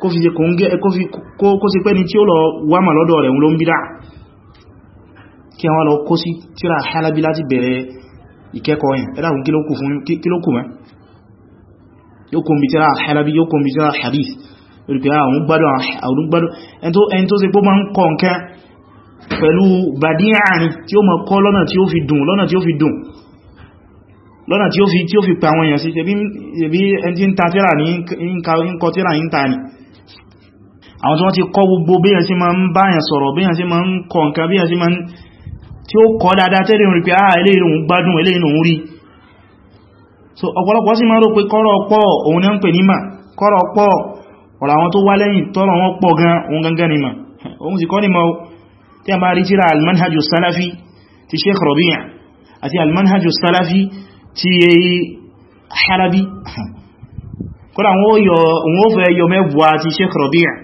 kó fi ṣe kò ń gẹ́ kó sí pé ní tí ó lọ wà mà lọ́dọ̀ rẹ̀ ló ń bídá kí wọ́n lọ kó sí tíra Halabi láti bẹ̀rẹ̀ ìkẹ́kọ̀ọ́ yẹn ẹ̀dàkùn kí ló kù mẹ́ yóò kó Halabi yóò kó mbi tíra hadith lórí pé àwọn ah, gbádùn àwọn ah, gbádùn ẹni tó ṣe pé máa ń kọ nǹkan pẹ̀lú bàdíyà ni tí ó máa kọ́ lọ́nà tí ó fi dùn lọ́nà tí ó fi dùn lọ́nà tí ó fi tí ó pẹ àwọn èèyàn sí ṣe bí ẹni tí ń ta tíra ní ń tíra ń ta ni àwọn tí wọ́n ti kọ́ gbogbo bí ẹ̀sí ma ń báyàn sọ̀rọ̀ bí ẹ̀sí ma ń kọ nǹkan bí ẹ̀sí ma ń tí ó kọ́ dáadáa tẹ́rẹ orí pé ah eléyìí òun gbádùn eléyìí òun rí so ọ̀pọ̀lọpọ̀ sí ma ń rò pé kọ́rọ̀ pọ̀ òun náà ń pè nímà kọ́rọ̀ pọ̀ ọ̀rọ̀ àwọn tó wá lẹ́yìn tọ́rọ̀ wọn pọ̀ gan òun gangan nímà òun sì kọ́ nímọ̀ tí a bá rí tíra almanhajjú salafi ti sheikh Rabi' àti almanhajjú salafi ti Halabi kọ́rọ̀ àwọn ó fẹ́ yọ mẹ́wàá ti sheikh Rabi'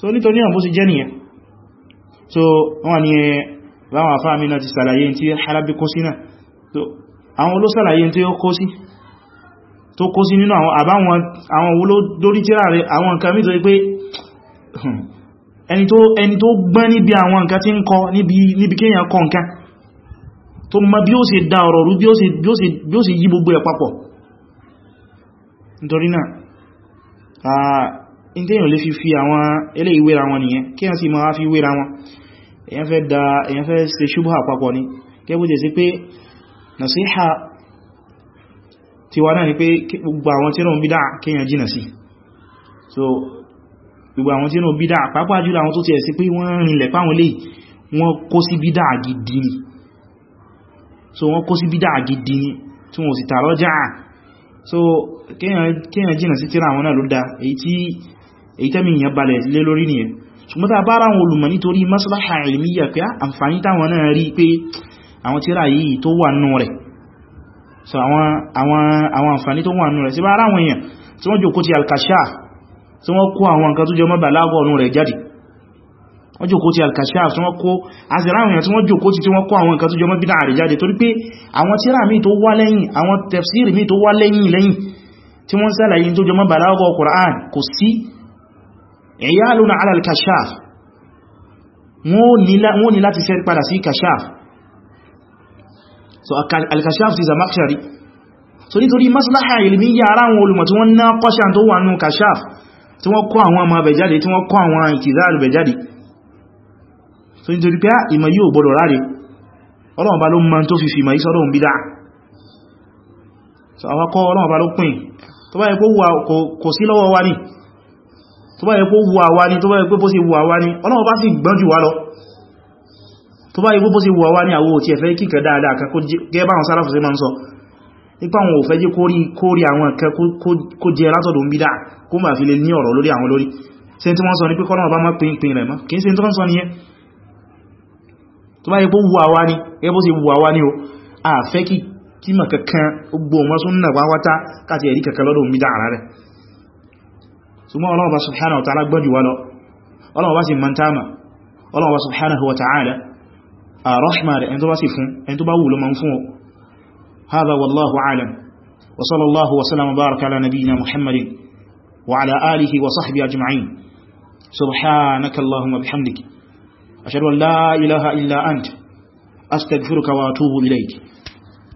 so nítorí náà bó sì jẹ́ nìyẹn so wọ́n ni láwọn àfáà mi náà ti sàlàyé tí Halabi kó sí náà so àwọn olóṣàlàyé tí ó kó sí tó kó sí nínú àwọn àbáwọn àwọn owó lórí tíra rẹ̀ àwọn nǹkan mìí tó pé hmm, ẹni tó gbọ́n níbi àwọn nǹkan tí ń kọ níbi kéèyàn kọ nǹkan tó mọ̀ bí ó ṣe dá ọ̀rọ̀ rú bí ó ṣe yí gbogbo ẹ̀ papọ̀ nítorí náà ah, in tẹ́yàn lè fi fi àwọn ilé ìwéra wọn nìyẹn kí yàn sí ma wá fi wéra wọn èyàn fẹ́ da èyàn fẹ́ ṣe ṣubú àpapọ̀ ni kẹ́bù jẹ́ sí pé nàṣíhà ti wà náà ni pé gbogbo àwọn tí náà bídá kíyàn jìnà sí so gbogbo àwọn tí náà bídá pàápàá jùlọ àwọn tó ti ẹ̀sí pé wọ́n rìnlẹ̀ páwọn lè wọ́n kó sí bídá gidi ni so wọ́n kó sí bídá gidi ni tí wọ́n sì tààrọ so kíyàn jìnà sí tíra àwọn náà ló dá èyí tí èyí tẹ́mì ìyẹn balẹ̀ lé lórí nìyẹn ṣùgbọ́n tá bá ráwọn olùmọ̀ nítorí maslaha ilmiya pé ah, àǹfààní táwọn náà rí pé àwọn tíra yìí tó wà nù rẹ̀ so àwọn àǹfààní tó wà nù rẹ̀ sí bá ráwọn èèyàn tí wọ́n jòkó ti alkashaf tí wọ́n kó àwọn nǹkan tó jẹ mọ́bà lágọ́ọ̀nù rẹ̀ jáde wọ́n jòkó ti alkashaf tí wọ́n kó àzìráwọn èèyàn tí wọ́n jòkó ti tí wọ́n kó àwọn nǹkan tó jẹ mọ́bà rẹ̀ jáde torí pé àwọn tíra mi tó wá lẹ́yìn àwọn Qur'an kò ìyálùn alal kashaf wọ́n ní láti fẹ́ padà sí kashaf so al-kashaf ti zamakshari so nítorí maslaha ilmiya ara wọn olùmọ̀ tí wọ́n ná kọ́ṣà tó wà nù kashaf tí wọ́n kọ́ àwọn ọmọ bẹ̀jáde tí wọ́n kọ́ àwọn ìkìzáàlù bẹ̀jáde so nítorí pé ah, ìmọ̀ yóò gbọdọ̀ ráre ọlọ́ọ̀bá ló mọ́ tó fi fi so àwọn kọ́ ọlọ́ọ̀bá ló pín tó báyẹ̀ kó wà tó bá yẹ kó wù àwa ní tó bá yẹ pé bó ṣe wù àwa ní ọlọ́wọ́ bá sì gbọ́n jù wá lọ tó bá yẹ pé bó ṣe wù àwa ní àwọ òtí ẹ̀fẹ́ kíkẹ́ dáadáa kan kó gẹ́ báwọn sáráfù sí máa ń sọ nípa àwọn òfẹ́ jẹ́ o àfẹ́ kí tí mọ̀ kankan gbogbo ọmọ súnnà wáwátá káti ẹ̀rí kankan lọ́dọ̀ ń bí rẹ̀ ṣùgbọ́n ọlọ́ọ̀bá subhanahu wa ta'ala gbọ́jù wá lọ ọlọ́ọ̀bá sì mọ́n táàmà ọlọ́ọ̀bá subhanahu wa ta'ala a rahma da ẹni tó bá sì fún ẹni tó bá wù ló ma ń fún ọ hadha wallahu alam wa sallallahu wa sallam baraka ala nabiyyina muhammadin wa ala alihi wa sahbihi ajma'in subhanaka allahumma bihamdik ashhadu an la ilaha illa ant astaghfiruka wa atubu ilayk